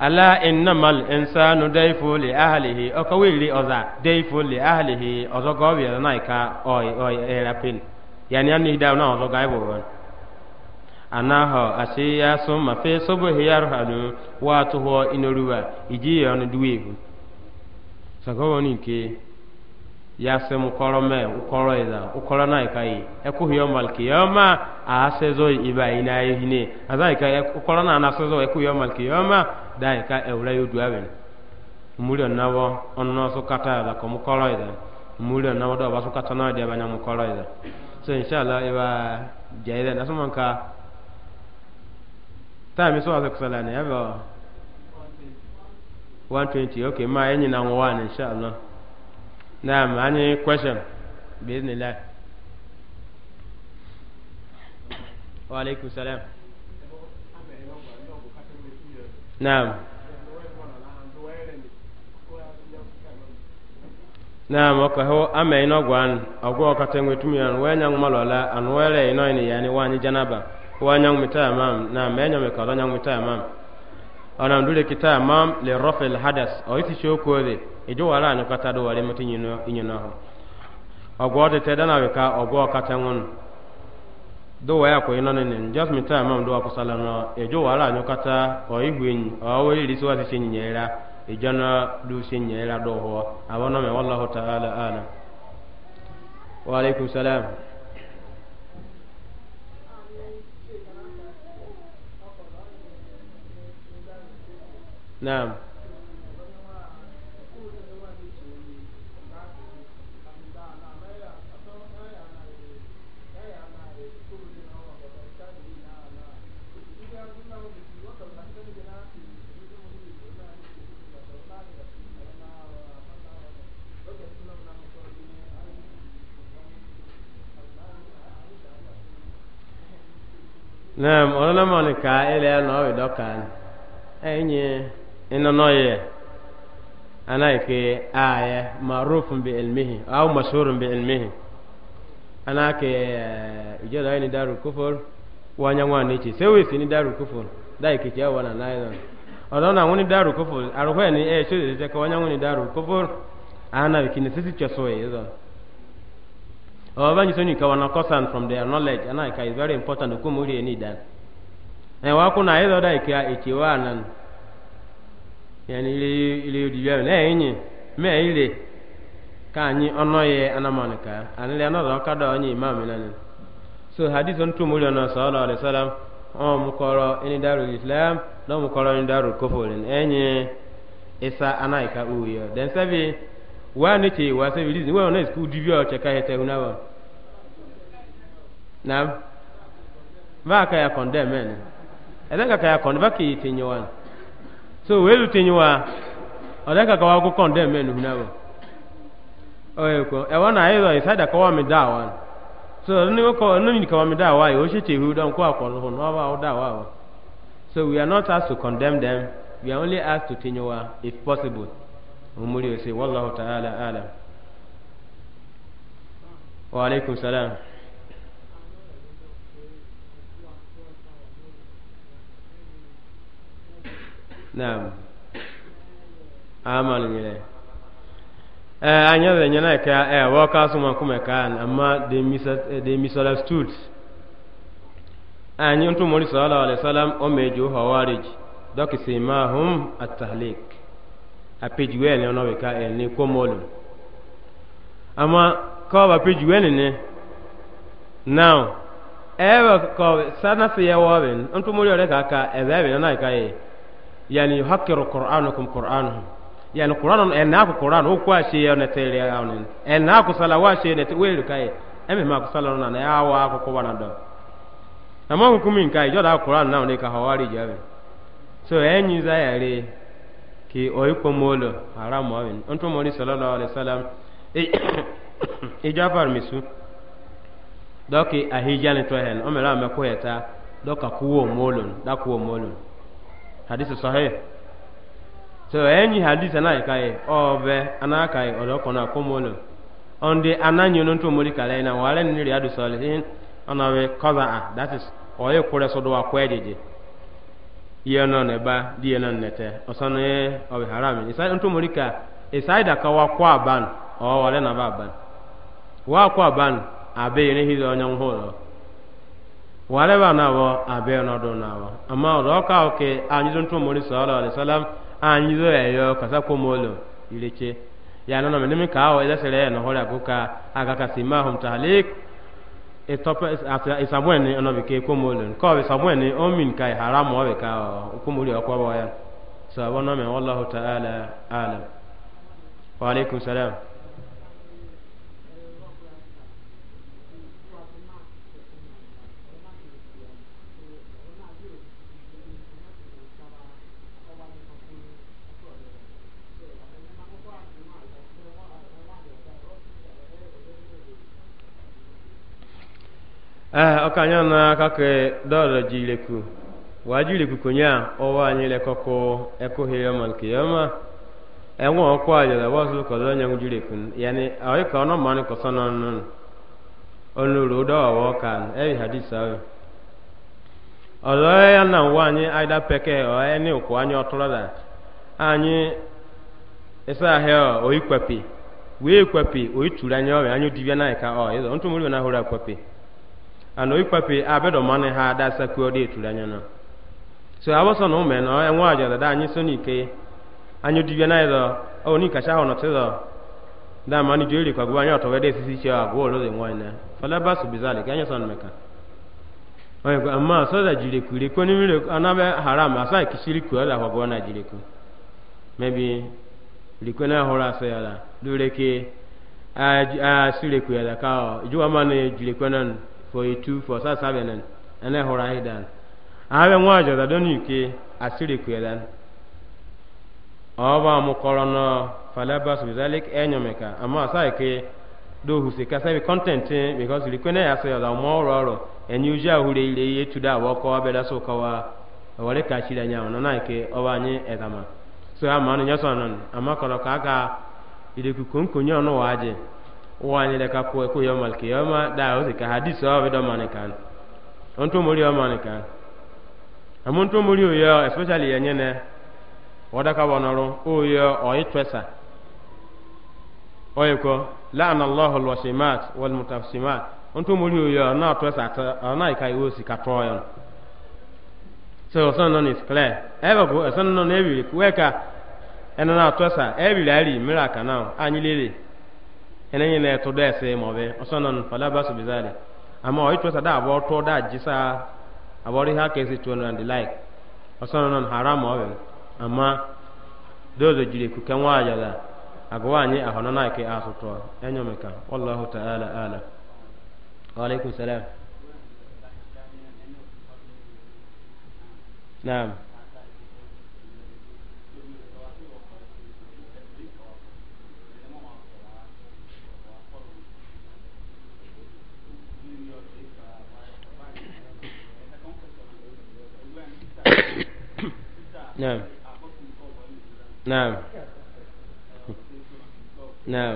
ala innamal insanu dayfu li ahlihi o ka wiri oza dayfu li ahlihi ozo go wi na ka o o erapin yani da anaho ashe ya sun mafe sobo hiyar hannu wato ho inoruwa iji ya onu duwe ihu sagawo ni nke ya se mu koro me ukoro ida ukoro na ikai eku hiyo malki yoma a se zo iba ina yihine aza ikai ukoro na na se zo eku hiyo malki yoma da ika eura yo duaben muri onawo onno so kata da ko mu koro ida muri onawo do ba so kata na de ba na mu koro ida so inshallah iba jaida na so manka time so aza kusala ne yaba 120 okay ma yenyi na ngwa ne insha Allah naam any question bismillah wa alaikum salam naam naam oko ho ame ino gwan ogwo katenwe tumiyan wenya ngmalola anwere ino ini yani wani janaba wanyang mita imam na menya me kala nyang mita imam ana ndule kita imam le rafil hadas o isi shoko de ijo wala na kata do wale mutin yino yino ho ogwo de te dana we ka ogwo kata ngun do wa ko yino ne nin just mita imam do akusala no ijo wala na kata o ihwin o we ri so wa se nyera ijo na du se nyera do ho abona me wallahu ta'ala ana wa alaikum salam نعم Naam, ọlọ́lọ́mọ̀ ni ka ilẹ̀ ẹ̀ ẹ̀yin. inonoye anake aya marufun bi ilmihi au mashhurun bi ilmihi anake eh, ijada ni daru kufur wanya ngwani chi sewi ni daru kufur dai kichi au wana don odona nguni daru kufur arwe ni e eh, chu ze ko wanya nguni daru kufur ana kini sisi chasoe hizo obanyi oh, ni ka wana kosan from their knowledge anaka is very important ukumuri ni dan e eh, wako na hizo dai ke kia ichiwana yani ile ile diwa na enyi me ile ka anyị ọnọ ya anamani ka anile anọdụ ọka onye imam nani so hadith on na sallallahu alaihi wasallam ọ darul islam na mukọrọ ni darul kufur enyi isa anaika uyo den sabi wa ne ce wa sabi wa na school o cheka hete ba ka ya ka ya ba ki tinyo so welu tinywa odaka kawa ku condemn menu nabo oye ko e wana ayo isada kawa mi dawa so ni ko no ni kawa mi dawa yo shete hu don ko akoro ho no ba dawa so we are not asked to condemn them we are only asked to tinywa if possible umuri say wallahu ta'ala ala." wa alaikum salam naam amal ngire eh anya de nyana ka eh wo ka suma kuma kan amma de misa eh, de misala stools anyi ntu muri sallallahu alaihi wasallam o mejo hawarij doki simahum at-tahlik a page we ne eh, ka e eh, ni ko molu amma ko ba page we ne now ewa ko sana ntu ka ka e be be yani yuhakiru qur'anukum qur'anuhum yani qur'anun enaku qur'an o kwa shi yana tere yawnin enaku salawa shi ne te welu kai eme ma kusala na na yawa ko ko bana do amma hukumin kai joda qur'an na ne ka hawari jabe so enyi za yare ki oyiko molo haram awin onto mo ni sallallahu alaihi wasallam e jafar misu doki ahijani to hen o mera me ko eta doka kuwo molon da kuwo molon hadisi sahih so enyi hadisi anaghị kaị ọbẹ anaghị kaị ọdọkọ na akwụmọlụ on anaghị onu ntụ omori kala ị na wale nri adụ sọlihin ọnọwe kọza a that is ọyị kwụrụ sọdọ akwụ ejije ihe nọ n'ebe dị ihe nọ n'ete ọsọ na ọbị haram ịsa ntụ omori ka ịsa ịda ka wa kwụ aban ọ wale na ba aban wa kwụ aban abe ire hizi onye nwụrụ whatever na wo abe no do na ama ro ka o ke anyizo ntu ni sallallahu e kasa ko molo ileche ya no me nimi ka o ile sele no hora ka aga ka sima hum tahlik e top is abwen ni bi ke ko molo ko bi o min kai haram o be ka ko molo ko ba ya so me wallahu ta'ala Eh, ọkanya na aka ka dọrọ jileku wa jileku konya ọwa anyị lekọkọ ekụghị ọma nke ya ọma enwe ọkwa ajọrọ wa ọsọ kọzọ onye nwụ jileku ya ni ọyị ka ọnọ mmanụ kọsọ n'ọnụ onuru dọwọ ọka eyi hadis ahụ ọzọ ya na nwa anyị aida peke ọ ẹni e ụkwụ anyị ọtụrụ da anyị ịsa ahịa oyi kwepi wee kwepi oyi tụrụ anyị ọrịa anyị dibịa na ka ọ ịzọ na ahụrụ akwepi ano ikpapi abedo mani ha da sakuo de tulanya no so aboso no me no enwa ajo da anyi so ni ke anyo diwe na ido e o ni kasha ho no tido da mani jeri kwa gwanya to wede sisi cha agwo lo de mwana e fala basu bizali kanya son meka oye ko amma so da jiri kuri ko ni mire anabe haram asa e kishiri ku da kwa gona jiri ku maybe likona hora so yala dure ke a sire ku yala ka juwa mani jiri na nan 42 for sa sabenan ene hora hidan awe nwa jo da doni ke asiri ku edan oba mu korono falabas bizalik enyo meka ama sa ke do huse ka sabi content eh? because likwe na ya so ya mo oro oro enyu ja hure ile ye tuda wo ko abeda so ko wa wale ka shira nya no na ke oba nyi edama so ama no nyaso non ama koro ka aka ile ku konkonyo no waje wani da ka kuwa ku yau malki yau ma da wasu ka hadisi wa bidon mani kan on to muri yau mani kan amun to muri yau especially yanye ne wada ka wonoro o ya o yi twesa o yi ko la'ana allah al wasimat wal mutafsimat on to muri yau na twesa ta na ka yi osi ka toyon so son non is clear ever go son non every weka enana twesa every lari mira kana anyi lele elenyi na etu da ese mo be osonon fala basu bizali ama o itwa abụọ abo to da jisa abori ha kesi to and the like osonon haram ma be ama dozo jire ku kan waja da agwa anyi na ke asuto enyo wallahu ta'ala ala na'am نعم نعم نعم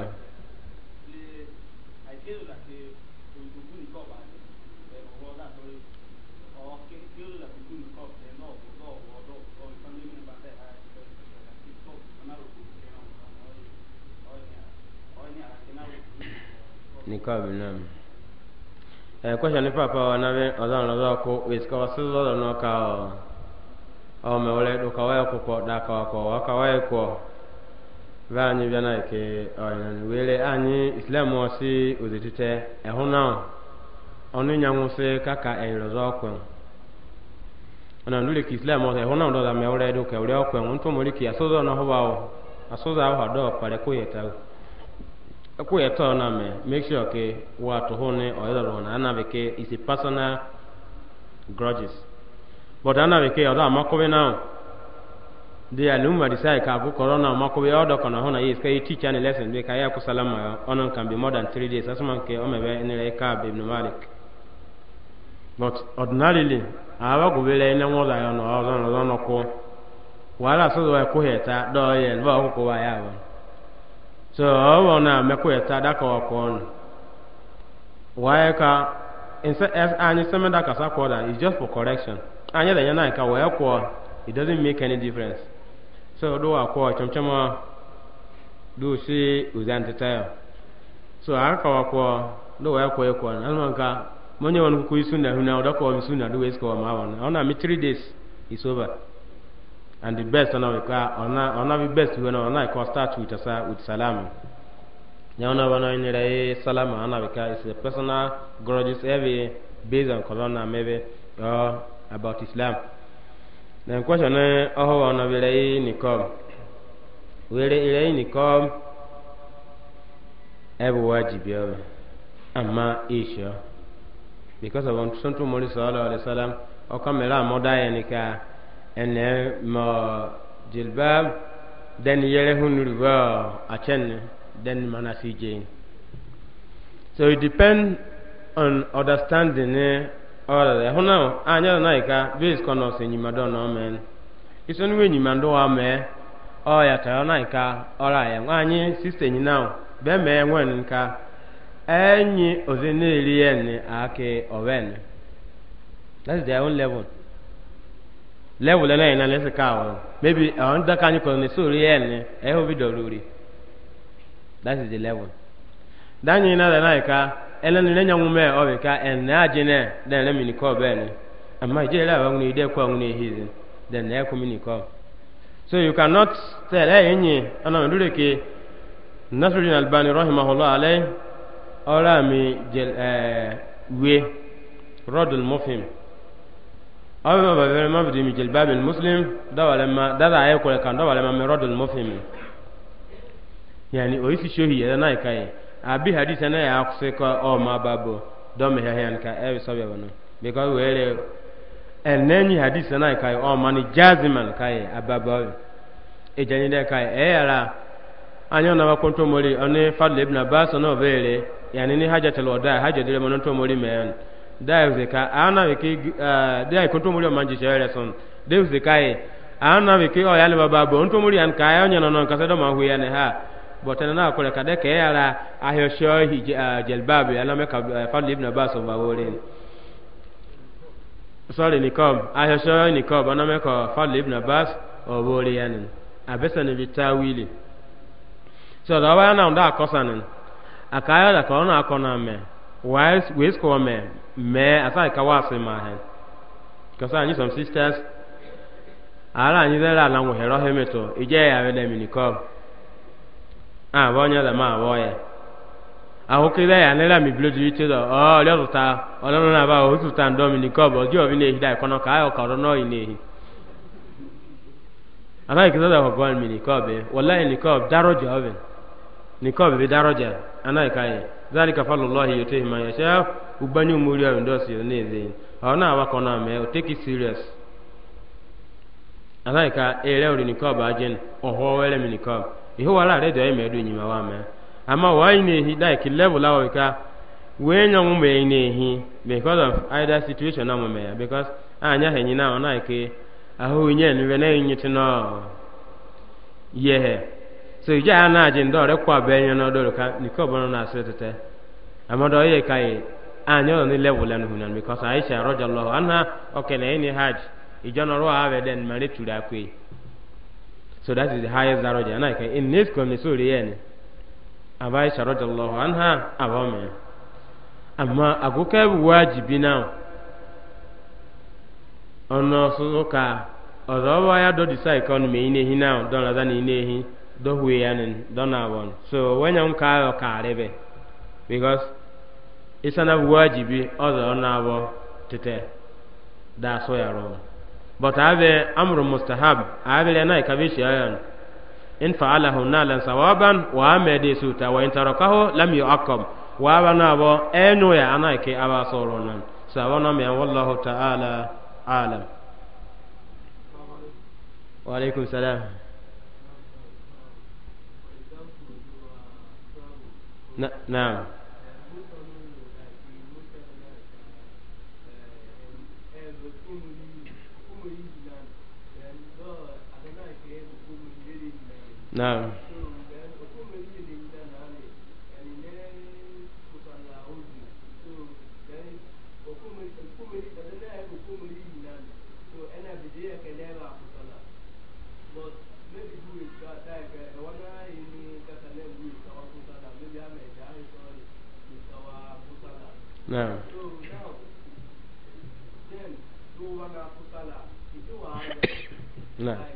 nikabi nam ẹ kọsẹ ní papa wa náà ọlọrun lọdọ kó wíṣọ sílẹ lọdọ náà ká ọ. ome ole ukawaye kuko daka wako wakawaye ko vanyi vyana ke oinani wele anyi islam osi uzitite ehuna onu nyanguse kaka eirozo kwen ona ndule ki islam osi ehuna ndo da meule na me make is but ana be ke odo amakobe now de alumma di sai ka bu corona amakobe odo kono hono yes ka teacher ni lesson be ka ya ku salama onon kan be more than three days asman ke o mebe ni re ka be ibn malik but ordinarily awa go bele ne ngo da no odo no no ko wala so wa ku heta do ye ba ku wa ya ba so ọ na mekwa eta daka ọkụ ọnụ wee ka anyị semeda kasa kwọda is just for correction anya da yana ka waya ko it doesn't make any difference so do wa ko chomchama do si uzan tata so aka wa ko do waya ko ko an ka monye won ku isuna huna oda ko isuna do wes ko ma won ona mi 3 days is over and the best ona we ka ona ona be best we ona ona ko start with asa with salam ya ona wana ni re salama ona we ka is a personal grudges every based on corona maybe uh, about islam then question na ọhụrụ ọnọ were yi nikom were ire yi nikom ebe wajibi ọrụ amma isha because of ọtụtụ ntụ mmiri sọlọ alisalam ọkọ mere amụda ya nika ene ma jilbab den yere hun riba achen den manasi jane so it depends on understanding eh, ọrịrị hụ na anya na base bes kọnọs enyimadọ na omen iso enyima wa mee ọya tọrọ na ika ọra ya nwaanyị sista enyi na mee nka enyi ozi na-eri ya ni that is their own level level ẹlẹ́yìn e náà lẹ́sìn maybe àwọn dákà ní kọ̀ọ̀nì sórí ẹ̀ ni ẹ̀ ó bí rí that is the level. náà ɛlɛni ne nyaŋu mɛ ɔbi ka ɛnɛ adi nɛ dɛn lɛ mini kɔ bɛɛ ni ama ìdí ɛlɛ àwọn ŋuni ìdí ɛkɔ àwọn ŋuni ehizi dɛn lɛ ɛkɔ mini kɔ so you cannot tell ɛyɛ nyi ɛnna mi dúró ke nasiru albani rahimahullah alẹ ɔlá mi jɛl ɛɛ e, wé rɔdul mufim ɔbi ma bàbá ma bìdí mi jɛl bàbá muslim dɔwɛlɛ ma dada ayɛ kɔlɛ kan dɔwɛlɛ ma mi rɔdul mufim yanni oyi fi sehi yɛlɛ náà ka yi abi hadisa na ya akuse ka o oh, ma babo do me hayan ka e so be wono because we le el hadisa na ka o oh, ma ni jaziman ka e ababo e jani de ka e eh, ara anyo na wakonto mori oni fadl ibn na no vele yani ni hajatul wada hajadile mononto mori me daize ka ana wiki uh, ah, dai konto mori manji chere son daize ka e ana wiki o oh, yale babo onto mori an ka e onyo no no ka se do ya ne ha bɔtɛnɛ naa kɔrɛ ka dɛ kɛ yara ahɛsɛ jɛlibaabi alamɛ ka fadli ibn abbas ɔba wɔre sɔri nikɔb ahɛsɛ nikɔb alamɛ ka fadli ibn abbas ɔba wɔre yanni abɛsɛ ni bi taa wiili sɔrɔ ɔba yɛn naa ɔda akɔsani akaayɛ la ka ɔna akɔna mɛ wɛs wɛs kɔ mɛ asa ka waasi ma hɛ some sisters ara anyi lɛ la na ŋun hɛrɛ abɔ nyɛ dɛm abɔ yɛ ahokele yɛ anela mi bilo diri tso dɔ ɔ ɔlɛ tuta ɔlɔnu naba o tuta ndɔmi ni kɔbɔ di obi n'ehi da kɔnɔ ka ayɔ kɔrɔ n'oyi n'ehi anayi kisɛ dɛ ɔgɔn mi ni kɔbi wɔlɛ ni kɔbi daro jɛ ɔbi ni kɔbi bi daro jɛ anayi ka yɛ zali kafa lɔlɔhi yote hima yɛ sɛ ugbani umuri ɔbi ndɔsi yɛ n'eze ɔna awa kɔnɔ mɛ o take it serious anayi ka ere ori ni kɔbi ajɛ ɔhɔ wɛrɛ mi ni kɔbi ihe wala redio ayi medu enyima wa me ama wa ayi nehi like level awo ka wee nya mu me nehi because of either situation na mu me because anya he nyina ona ke aho nye ni we na nyi tino yeah so ija ana na ndo re kwa be nyi no do ka ni ko bono na asetete amado ye kai anya on ni level anu hunan because aisha radhiyallahu anha okay na ni haj ijo no ro ave den mare tura kwe So that is the highest daraja. And I can in this community so really Abaisha radiyallahu anha abame. Amma aguka wajibi now. Ono sunuka ọzọwa ya do disa me ine hi now don laza na ine hi do huwe ya nin don abon So when you ka yo ka rebe because isana wajibi ọzọ na abo tete da so ya ro. but abe amru mustahab abe lena ikabishi ayan in fa'alahu nalan sawaban wa amadi suta wa in tarakahu lam yu'aqqab wa bana bo enu ya anaike aba soronan sawana me wallahu ta'ala alam wa alaikum salam na na'am Naam. Naam. Naam.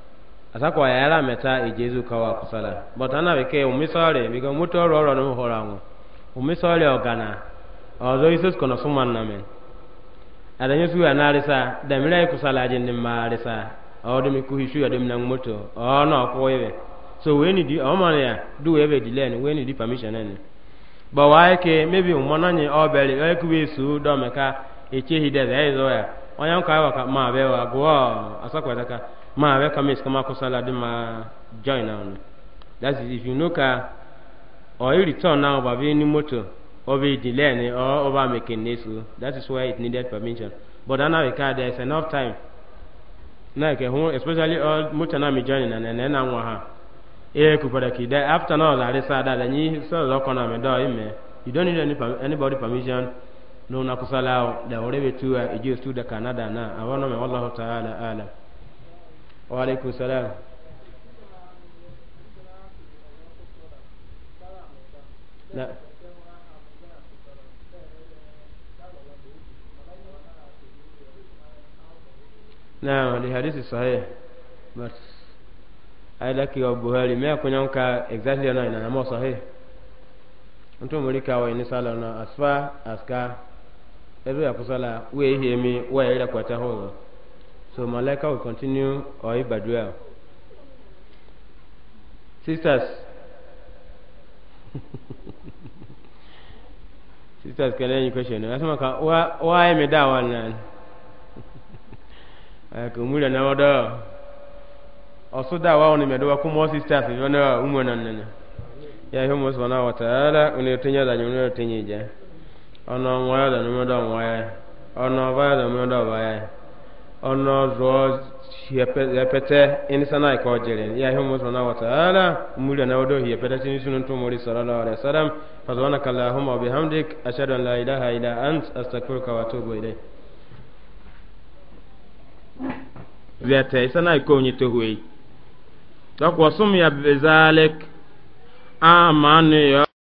asakwa yala meta ijezu kawa kusala but ana beke umisore biga muto roro no horango umisore ogana ozo isus kono suman namen ada nyesu analisa damira kusala jin marisa odo mi kuhishu ya dem nang moto ono koyewe so we ni di o ya do we di delay we ni di permission ene ke maybe umona nyi obere e ku do meka echehi de ze ya onyan ka ka ma be wa go asakwa ma we come is kama kusala de ma join on that is if you know ka or you return now ba be ni moto or be delay ni or over making this uh, that is why it needed permission but now we ka there is enough time na ke hu especially all moto na mi join na na na nwa ha e ku pada ki da after now la resa da da ni so lo ko na me do ime you don't need any anybody permission no na kusala da already to uh, ejo to the canada na awon me wallahu ta'ala alam waaleykum salaam. na. naam the hadith is sahih but aida ki wa buhari me kunya ka exactly na ina mo sahih nto muri ka wa ni sala na asfa aska ezo ya kusala we hemi wa ile kwata hono So Malaika will continue or Ibadua. Sisters. Sisters can I any question. Asma ka why me da wannan. Akumula na wada. Oso da wa wani me da kuma sisters ne wana umma nan nan. Ya yi mu subhanahu wa ta'ala ne tunya da ne tunya ja. Ono waya da ne da waya. Ono baya da ne da ono zo hiyapete ini sana iko jirin ya hiyo mwana wa ta'ala muli na wado hiyapete tini sunun tu muri sallallahu alaihi wasallam fa subhanaka allahumma wa bihamdik ashhadu an la ilaha illa ant astaghfiruka wa atubu ilayk vyate sana iko nyi tohuei takwa sumya bizalik amani ya